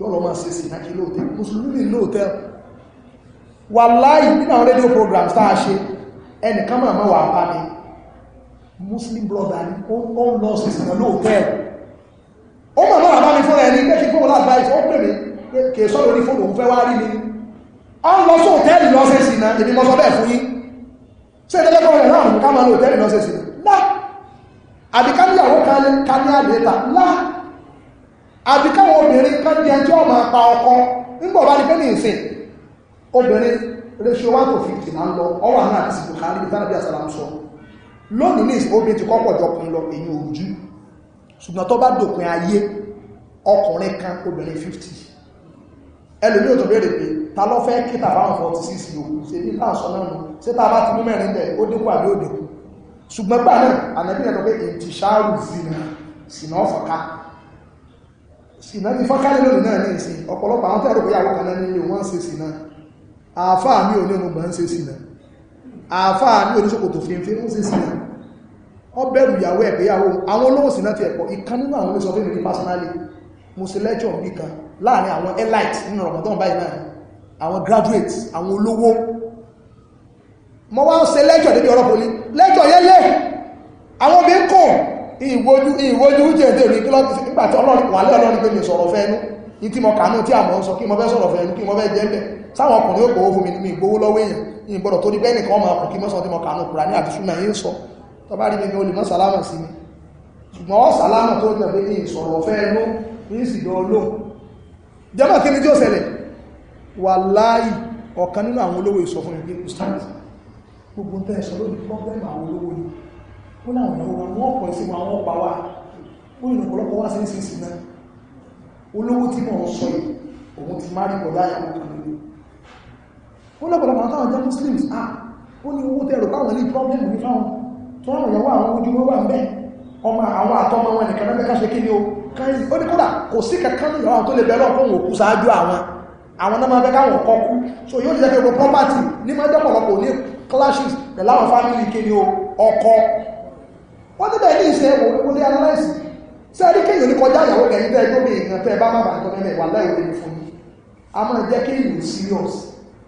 yóò lọ máa ṣe sí ìdájí lóòtẹ́ mùsùlùmí lóòtẹ́ wà láì nínú àwọn rédíò program táa ṣe ẹnìkan máa máa wà bá mi muslim brother ni ó ń lọ sí ìsìnkà lóòtẹ́ ó máa máa bá mi fún ẹni pé kí fóònù láàbáyìí ó pè mí kè sọ lórí fóònù òun fẹ́ wá rí mi ó ń lọ sí òtẹ́ẹ̀lì lọ sí ìsìnkà èmi mọ́ sọ bẹ́ẹ̀ fún yín ṣé ìdẹ́lẹ́kọ̀ọ́ rẹ̀ náà ká máa sí ìsìnkà àti káwọn obìnrin kan jẹ tí wọ́n máa pa ọkọ nígbà bá ní pé ní ìsìn obìnrin ratio one to fifty là ń lọ ọwọ́ àná àti sìnkú kan níbi tánàbí àsàlám sọ lónìí ní obìnrin ti kọ́pọ̀ jọ kun lọ èyí òrùjú ṣùgbọ́n tó bá dòpin ayé ọkùnrin kan obìnrin fifty ẹlòmí ò tó béèrè pé ta ló fẹ́ kí tàbáwọn forty six yòókù ṣe ní náà sọ náà nù ṣé tá a bá ti mú mẹ́rin bẹ̀ ó dínkù àbí ó dínkù ṣùgbọ́n gbà náà ànàbí ẹ̀ lọ pé èyí ti ṣáàrù zina sìnà sìnà bí fọ́nkálẹ̀ lónìí náà ní ìsìn ọ̀pọ̀lọpọ̀ àwọn tẹ́rù pé àwọn kanáà nílé wọ́n ń ṣe sìnà àáfáà mi ò ní ọmọgbà ń ṣe sìnà àáfáà mi ò ní ṣòkòtò fínfín ń ṣe sìnà ọ bẹ̀rù ìyàwó ẹ̀ péyàwó àwọn olóhùn sìnà ti ẹ̀pọ̀ ìkan nínú àwọn olóṣọ fún mi personally mo ṣe elite nínú Ramadan báyìí náà graduates àwọn olówó mo wá ń ṣe lecture débi ọ̀rọ̀ poli ìwójú ìwójú jẹ́dẹ̀ ní kílọ́pù sí nígbàtí ọlọ́rin wà lẹ́ ọlọ́rin pé mi sọ̀rọ̀ fẹ́nu ní tí mo kàánú tí a mọ̀ ń sọ kí mo fẹ́ sọ̀rọ̀ fẹ́nu kí mo fẹ́ jẹ́ mẹ́ sáwọn ọkùnrin ó gbowó fún mi ní ìgbówó lọ́wọ́ èèyàn ní ìgbọ́dọ̀ tó ní bẹ́ẹ̀nì kan máa kù kí mọ́sàn tí mo kàánú kùrà ní àti súnmọ̀ yìí sọ tó bá rí mi o lè mọ́ sàlámà sí mi ṣùgbọ́n ó sàlámà tó jẹ́ pé ní ìsọ̀rọ̀ fẹ́nu ó láwọn èèyàn wọn wọ́n pọ̀ sí wọn àwọn pa wá ó yìnbọn ọ̀pọ̀lọpọ̀ wá sí ìsinsìn náà olówó tí mò ń sọ yìí òun ti má rí pọ̀lá ìyàwó kan lórí ó lọ́pọ̀lọpọ̀ àwọn jẹ́ muslims ah ó ní owó tẹ́rù káwọn ní problem ní fáwọn tó rán ìyàwó àwọn ojú wọ́n wà ń bẹ́ ọmọ àwọn àtọ́mọ wọn nìkan lẹ́gbẹ́ káṣe kí ni ó káyí ó ní kódà kò sí kankan ìyàwó àwọn tó lè bẹ̀rẹ̀ ọkọ̀ òkú ṣáájú àwọn àwọn náà máa bẹ́ káwọn ọkọ̀ kú so yóò jẹ́ kí o property ní máa jẹ́pọ̀lọpọ̀ ní clashes pẹ̀láwọn family kí ni ó ọkọ̀ wọ́n ti bẹ̀rẹ̀ ní ìṣe òwúlé analysis ṣé ẹ rí kéèyàn ní kọjá ìyàwó lẹ́yìn tẹ́ ẹjọ́ mi ìyàn tẹ́ ẹ bá má bàa tọ́ mẹ́mẹ́ wà láì wọlé fún yín a máa jẹ́ kéèyàn serious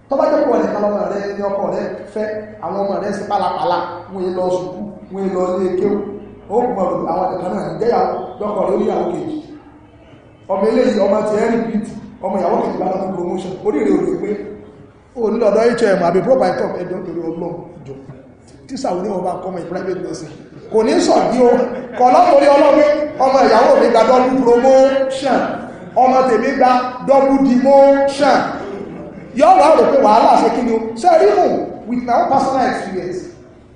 tó bá jẹ́ pọ̀ nìkan lọ́mọ rẹ ní ọkọ rẹ fẹ́ àwọn ọmọ rẹ sí pálapàla wọ́n lọ sùkú wọ́n lọ ilé kéwù ó gbọ́n lò àwọn ẹ̀ka náà ní jẹ́yà lọ́kọ̀ rẹ oníyàwó kejì ọmọ eléyìí ọmọ ti ẹ́ repeat ọmọ ìyàwó kejì bá lọ́kọ̀ promotion oríire ò lè pé ó ní lọ́dọ̀ hm àbí proprietor ẹ̀dọ́ torí ọlọ́run ìjọ tíṣà oníwọ̀n bá kọ́mọ private nursing kò ní sọ̀dí o kọ̀ lọ́tòrí ọlọ́gbé ọmọ ìyàwó mi gba double promotion ọmọ tèmi gba double demotion yọ́ wà rò pé wàhálà ṣe kí ni o ṣe rí mù with my own personal experience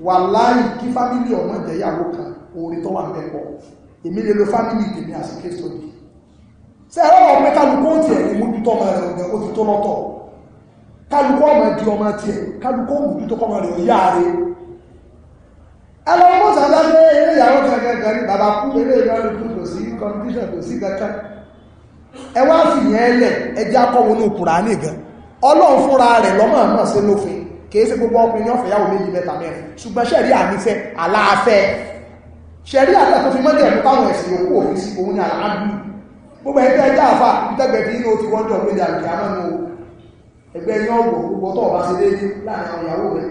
wà láì kí fámílì ọmọ ìjẹyàwó kan orí tó wà mẹ́pọ̀ èmi lè lo fámílì tèmi àti kristo yìí ṣe ẹ̀rọ ọmọ pé kálukú ó tiẹ̀ ní mójútó ọmọ rẹ̀ ọ̀gẹ̀ ó ti tó lọ́tọ̀ kálukú ọmọ di ọmọ tiẹ̀ kálukú ó mójútó ọmọ rẹ̀ ọ̀yá rẹ̀ ẹlọ́wọ́ mọ́ sábà pé eré ìyàwó kankan ní bàbá kú eré ìyàwó kú kò sí competition kò sí kankan ẹ wá fìyẹn lẹ̀ ẹjẹ́ akọ́wọ́ ní Kùránì gan ọlọ́run fúnra rẹ̀ lọ́mọ àmọ́ sí lófin kìí sí gbogbo ọkùnrin ní ọ̀fẹ́ yàwó méjì mẹ́ta mẹ́rin ṣùgbọ́n ṣẹ̀rí ànífẹ́ aláàfẹ́ ṣẹ̀rí àtà tó fi mọ́jẹ̀ ẹ̀mú táwọn ẹ̀sìn yòókù òfin sí òun ní aláàbù gbogbo ẹgbẹ́ ẹjẹ́ àfà ìtẹ́gbẹ̀ kí inú ti wọ́n jọ pé ìyàwó ẹgbẹ́ yẹn ọgbọ̀n gbogbo tó ọba ṣe déédéé láàrin àwọn ìyàwó rẹ̀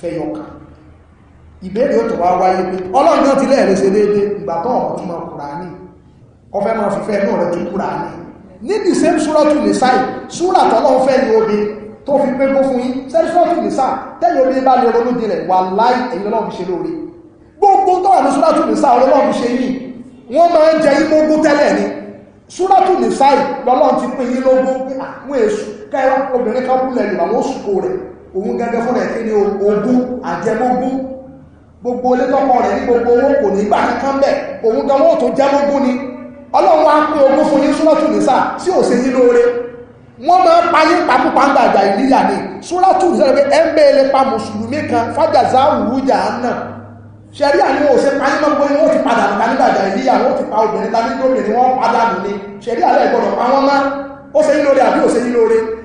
fẹ́yọkà ìbéèrè ó tó wá wáyé pé ọlọ́run náà ti lẹ́ẹ̀rẹ́ ṣe déédé ìgbà tó ọ̀pọ̀ tí mọ̀ kùránì ọfẹ́ mọ̀ fífẹ́ náà rẹ̀ tó kùránì ní the same súrọ́tù lè sáì súrà tọ́lọ́run fẹ́ ní obi tó fi pé kó fún yín sẹ́ni súrọ́tù lè sáà tẹ́lẹ̀ obi bá lè ronú jinlẹ̀ wà láì ẹ̀yìn ọlọ́run ṣe lóore gbogbo tó wà ní súrọ́tù lè sáà ọlọ́run ṣe yìí wọ́n máa ń jẹ yín lógún tẹ́lẹ̀ ni súrọ́tù lè sáì lọ́lọ́run ti pín yín lógún pé àwọn ah, èṣù kẹ́ obìnrin kan kú lẹ́yìn àwọn oṣù kò rẹ̀ òun gẹ́gẹ́ fún ẹ̀kí ni ogún àjẹmógún gbogbo olétọ́kọ̀ rẹ̀ ní gbogbo owó kò ní gbà kankan bẹ̀ òun gan wọ́n tó jẹmógún ni ọlọ́run á pín ogún fún yín súrọ́tù nìsà sí òsè yín lóore wọ́n máa ń payín papúpa ń gbàgbà ìníyà ni súrọ́tù nìsà pé ẹ ń bẹ́ẹ̀ lè pa mùsùlùmí kan fájàzá wùújà náà ṣẹ́rí àní òṣè payín mọ́ gbogbo wọ́n ti padà nìta nígbàgbà ìníyà wọ́n ti pa obìnrin ta nígbòmìnir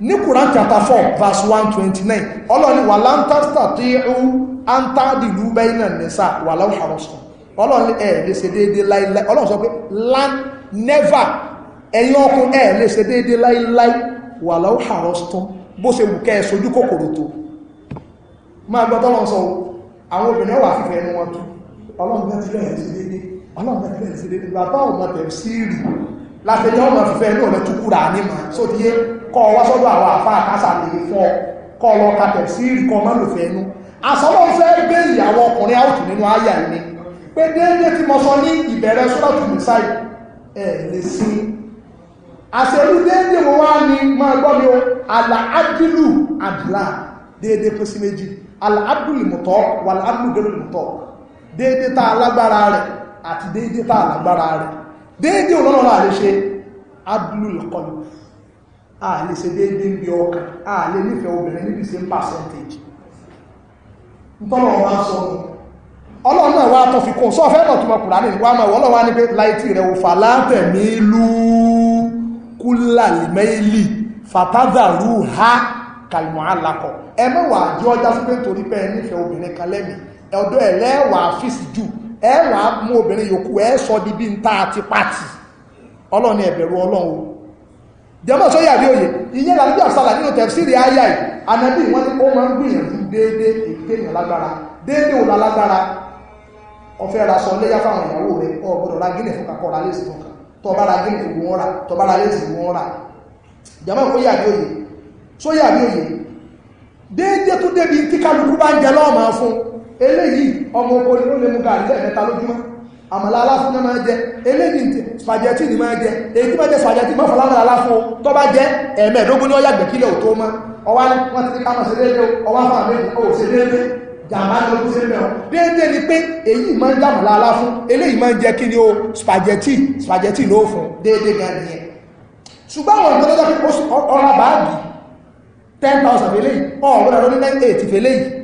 ní Quran chapter four, verse 129 ọlọ́ni wà láńtàstà tí ó ń tàdìlú bẹ́ẹ̀nà nìsà wà láwùhàrọ̀sùn ọlọ́ni ẹ̀ lè ṣe déédé láíláí ọlọ́run sọ pé lan never ẹ̀yin ọkùn ẹ̀ lè ṣe déédé láíláí wà láwùhàrọ̀sùn bó ṣe wù kẹ́ ẹ sojú kòkòrò tó máa gbọ́ tọ́lọ́ sọ àwọn obìnrin wà fífẹ́ ẹnu wọn tó ọlọ́run bẹ́ẹ̀ ti bẹ́ẹ̀ ṣe déédé ọlọ́run bẹ́ẹ̀ ti bẹ́ẹ̀ ṣe déédé láfẹ́jọ́ ọmọ fífẹ́ inú ọ̀lẹ́ túkúrà nímọ̀ só ti yé kọ́ wá sọ́dọ̀ àwọn àfáà kásà lè fọ́ kọ́ lọ kàtẹ̀ sí ìrìkọ́ mọ́ lò fẹ́ inú àsọ́lọ́ fẹ́ gbé ìyàwó ọkùnrin áùtù nínú ayà ní pé déédé tí mo sọ ní ìbẹ̀rẹ̀ sọ́dọ̀tù mùsáì ẹ̀ lè sí àṣẹlú déédé wo wá ní máa gbọ́ mi o àlà ájúlù àdìlà déédé pín sí méjì àlà ájúlù mọ̀tọ́ wà láàbùlù gẹ́rù mọ̀tọ́ déédé tá a lágbára rẹ̀ àti déédé tá a lágbára rẹ̀ déédé òun náà lè ṣe adúlù ìkọlù a lè ṣe déédé ń bí ọkàn a lè nífẹ̀ẹ́ obìnrin níbi ṣe percentage ntọ́nà wa sọ ọlọ́run náà wá tó fi kún sọ́fẹ́ náà tó mọ̀ kùránì wá mọ̀ ọlọ́run wá ní pé láìtì rẹ̀ ò fà látẹ̀mí lú kúlà lìmẹ́ìlì fàtàdàrú ha kàlùmọ̀ alákọ̀ ẹ mẹ́wàá jọ́ jásí pé torí pé nífẹ̀ẹ́ obìnrin kan lẹ́mìí ẹ̀lẹ́wàá fìsì jù ẹ wà mú obìnrin yòókù ẹ sọ di bí n ta àti pàtì jẹmọ́ sọ yàrí òye iye làbí àṣàlà nínú tẹ̀síìrì ayá ì ànábì wọn ni ó máa ń gbìyànjú déédé ìkéyàn lágbára déédé òlà lágbára ọ̀fẹ́ ra sọ léyà fáwọn ìyàwó rẹ̀ ra fún kakọ́ ra tọba ra fún wọn ra tọba ra fún sọ yàrí òye sọ yàrí òye déédé tó débi tí kálukú bá ń jẹ eléyìí ọmọ oko ni ó lè mú gàrí lẹ́ẹ̀mẹ́ta lójúmọ́ àmàlà aláfún náà máa jẹ eléyìí tí spaghetti ni máa jẹ èyí tí bá jẹ spaghetti máa fọlámàlà aláfún tó bá jẹ ẹ̀mẹ́ẹ̀dógún ní ọyà gbẹ̀kílẹ̀ ò tó mọ́ ọwá ní wọ́n ti ká máa ṣe déédé ọwá fún àmì ò ṣe déédé jàmbá ní ojú sílẹ̀ ọ̀ déédé ni pé èyí máa ń jàmàlà aláfún eléyìí máa ń jẹ kí ni ọ̀rọ̀ báàgì 10,000 fẹ́lẹ́yìí ọ̀rọ̀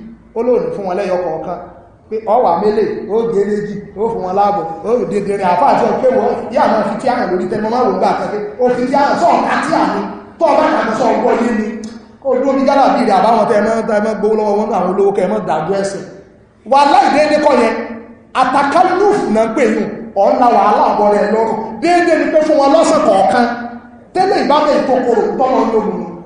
olóòrùn fún wọn lẹ́yọ kọ̀ọ̀kan pé ọwà mélè ó gé méjì ó fún wọn láàbọ̀ ó rò dédéré àfá àti ọ̀pẹ́ wọn yà máa fi tí àmà lórí tẹnu máa wò gbà àtẹ́fẹ́ ó fi tí àmà sọ̀rọ̀ àti àmì tó ọba àmà sọ ọgbọ́ yé ni ó dúró ní gálà bíi àbáwọn tẹ mọ́ tẹ mọ́ gbowó lọ́wọ́ wọn àwọn olówó kẹ mọ́ dàgbọ́ ẹsẹ̀ wà láì déédé kọ́ yẹn àtàkálùfù náà pè yùn ọ̀nà wàhálà àbọ̀rẹ̀ lọ́rùn déédé ni pé fún wọn lọ́sẹ̀ kọ̀ọ̀kan tẹ́lẹ̀ ìbámu ìkòkòrò tọ́lọ́ lóhùn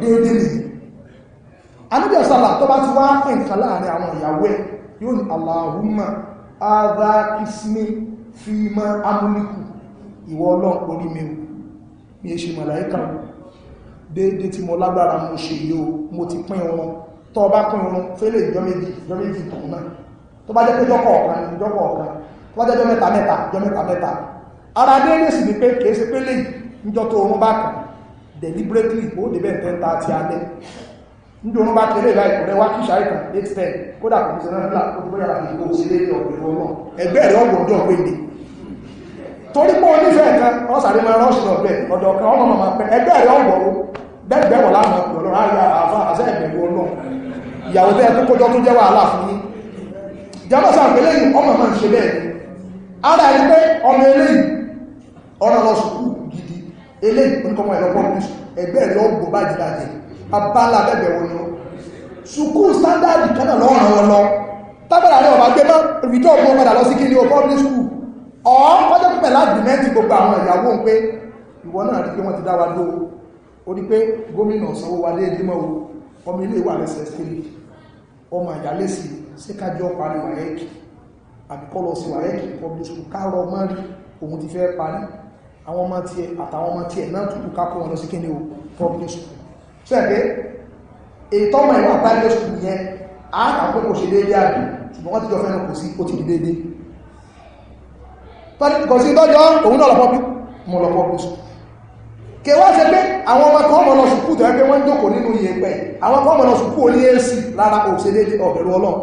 déédé ni anábì ọ̀sálà tó bá ti wá pè nǹkan láàrin àwọn ìyàwó ẹ̀ yóò ní Allahumma adha ismi fima amúlíkù ìwọ ọlọ́run orí mi mi ṣe màláíkà déédé tí mo lágbára mo ṣe yóò mo ti pín wọn tó bá pín wọn fẹ́lẹ̀ ìjọ méjì ìjọ méjì tọ̀hún náà tó bá jẹ́ pé mẹ́ta mẹ́ta jọ́ mẹ́ta mẹ́ta sì ni pé kìí ṣe pé lè níjọ́ tó oorun bá kàn deliberately ó débẹ̀ ten thirty alẹ́ nítorí bá kéré ìlà ìkùnrin wá kí sáré kan eight ten kódà kò sí náà kó tó yàrá ìkó sílé ní ọ̀gbìn wọn náà ẹgbẹ́ rẹ̀ ọgbọ̀n ọdún ọgbẹ́ ni torí pé onífẹ̀ẹ́ kan wọ́n sáré máa rọ́ọ̀ṣì lọ bẹ́ẹ̀ ọ̀dọ̀ kan ọmọ máa pẹ́ ẹgbẹ́ rẹ̀ o bẹ́ẹ̀gbẹ́wọ̀ láàmú ọ̀pọ̀ lọ́rọ̀ àyà àfá àṣẹ ìbẹ̀rù ọlọ́run ìyàwó tẹ́ tó kójọ tó jẹ́ wàhálà fún yín jẹ́mọ́sà pẹ̀lẹ́ yìí ọmọ máa ń ṣe bẹ́ẹ̀ ara ẹni pé ọmọ eléyìí ọ̀rọ̀ lọ eléyìí oníkọmọ ẹ̀lọ́pọ̀ english ẹgbẹ́ ẹ̀lọ́ gbò bá abala bẹ́bẹ̀ wọn lọ sukúù sándàdì kan náà lọ́rùn wọn lọ tábàlà rẹ̀ ọba gbé mọ́ rìtọ́ ọgbọ́n padà lọ sí kí ní o public school ọ̀ ọjọ́ pípẹ̀ lágbìmẹ́ntì gbogbo àwọn ìyàwó ń pé ìwọ náà rí pé wọ́n ti dá wa ló o ní pé gómìnà Sanwó-Wálé ìdímọ̀ o ọmọ ilé ìwà lẹ́sẹ̀ parí wàhẹ́kì àbíkọ́ sí wàhẹ́kì public school káàrọ̀ mọ́rí òun ti fẹ́ parí àwọn ọmọ tiẹ̀ àtàwọn ọmọ tiẹ̀ náà tuntun ká kó wọn lọ sí kíni o public school so ẹ̀gbẹ́ ètò ọmọ ìwà private school yẹn a kàpọ̀ kò ṣe déédé àbí ṣùgbọ́n wọ́n ti jọ fẹ́ràn kò sí ó ti di déédé kò sí tọ́jọ́ òun náà lọ́pọ̀ mọ̀ lọ́pọ̀ public school kèwà ṣe pé àwọn ọmọ kan mọ̀ lọ sùkú tó ẹgbẹ́ wọ́n jókòó nínú iye pẹ̀ àwọn kan mọ̀ lọ sùkú oní ac lára òṣè léde ọ̀bẹ̀rù ọlọ́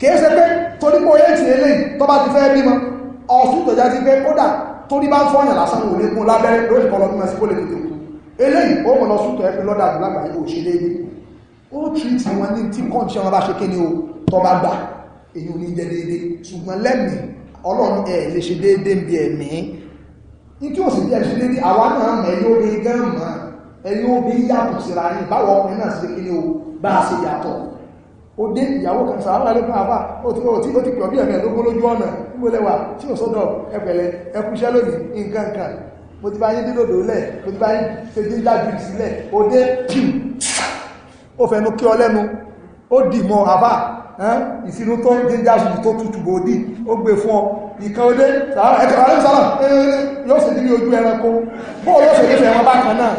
kèé ṣe pé torípò ac eléyìí tó bá ti fẹ́ bímọ ọ̀sùn tó já sí pé kódà torí bá ń fọ́yàn lásán wò lé gún lábẹ́rẹ́ lórí kọlọ mímọ̀ sí kó lè tètè kú eléyìí ó mọ̀ lọ sútọ̀ ẹgbẹ́ lọ́dà àdúrà gbà ṣe léèrè ó treat wọn ní tí kọ́ǹtì ṣe wọn bá ṣe kí ni o tọ́ bá gbà èyí ò ní jẹ déédéé ṣùgbọ́n lẹ́mìí ọlọ́run ẹ̀ lè ṣe déédéé ń bi ẹ̀mí ní tí ó sì jẹ́ ṣe déédéé àwa náà mọ̀ ẹ̀yọ́ bí gán mọ̀ ẹ̀yọ́ bí yàtọ̀ o bá a ṣe yàtọ̀ ó dé ìyàwó kan sàárà lẹ́kùn àbá ó ti pọ̀ bí ẹ̀mí gbólẹ́wà tí ò sọ́dọ̀ ẹ̀pẹ̀lẹ̀ ẹkùṣẹ́ lónìí nǹkan kan mo ti bá yín dídòdò lẹ̀ mo ti bá yín fèdí lábìrì sílẹ̀ ó dé pì ó fẹnu kí ọ lẹ́nu ó dì mọ́ àbá ìsinú tó ń dín dáṣùjù tó tutù bò dì ó gbé fún ọ ìkan ó dé ẹ̀kọ̀ àrẹ́ sára yóò sì nílé ojú ẹranko bóò yóò sì nífẹ̀ẹ́ wọn bákan náà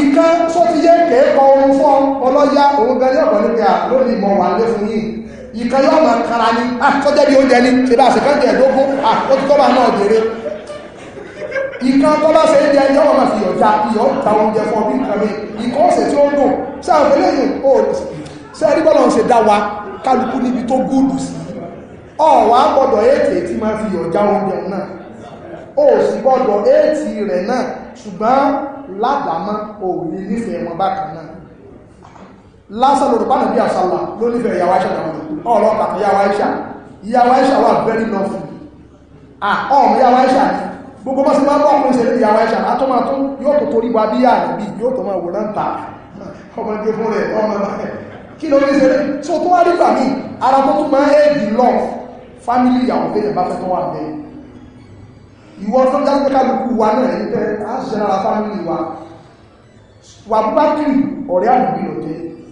ìkan só ti yẹ kẹ́ẹ̀kọ́ ohun fún ọlọ́yá òun gan ní ọ̀pọ̀ nípa lónìí mọ̀ wà lé fún yìí ìkan yóò máa kara ni àkọ́jẹ́ ah, bí oúnjẹ ní ṣe ah, bá ṣèkọ́jẹ́ ìdógún àkọ́jọ́bà náà jèrè ìkan tó bá ṣe ń jẹ ẹjọ́ wọn máa fi ọ̀já iyọ̀ ta oúnjẹ fún ọbí nǹkan mi ìkan ọ̀sẹ̀ tí ó dùn sáà fẹ́lẹ́ yìí ó ṣe ẹni bọ́lọ̀ ṣe dá wa kálukú níbi tó gúdù sí ọ̀wà gbọ́dọ̀ ètè tí máa fi ọ̀já oúnjẹ náà ó sì gbọ́dọ̀ ètì rẹ̀ náà ṣùgbọ́n ládàámọ́ òun ní nífẹ̀ẹ́ wọn bákan náà lásán lórúkọ nàbí àṣàlá ló nífẹ̀ẹ́ ìyàwó àìṣà dàmọ́ ọlọ́pàá ìyàwó àìṣà ìyàwó àìṣà wà very lọ́fù ọmọ ìyàwó àìṣà gbogbo bá sí máa bọ́ ọkùnrin ṣẹlẹ̀ ìyàwó àìṣà látọ́mà tó yóò tó torí wa bí yàrá bí yóò tó máa wòrán ta ọmọdé fún rẹ̀ ọmọ kí ló ní ṣẹlẹ̀ so tó wá rí gbà mí ara tó tún máa éèdì lọ fámílì ìyàwó bẹ́ẹ̀ bá fẹ́ tó wà bẹ́ẹ̀ ìwọ tó já pé kálukú wa náà ẹni pé a ṣe lára fámílì wa wà búbákì ọ̀rẹ́ àdúgbò lọ jẹ́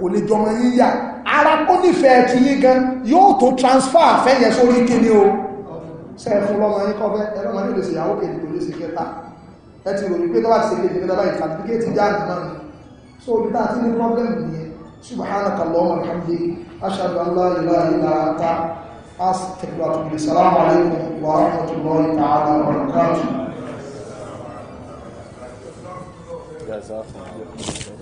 kò lè jọmọ yín yà ara kó nífẹ̀ẹ́ ti yín gan yóò tó transfer fẹ́yẹ sórí kíni o sẹ́ẹ̀fún lọ́mọ yín kọ́ fẹ́ ẹlọ́mọ yóò lè ṣe ìyàwó kejì kò lè ṣe kẹta ẹ ti rò wípé tọ́wà ti ṣe certificate jáde náà so ibi tá a ti problem nìyẹn subhanaka allahumma alhamdi ashhadu an la ilaha illa salamu alaykum wa rahmatullahi wa barakatuh جزاكم الله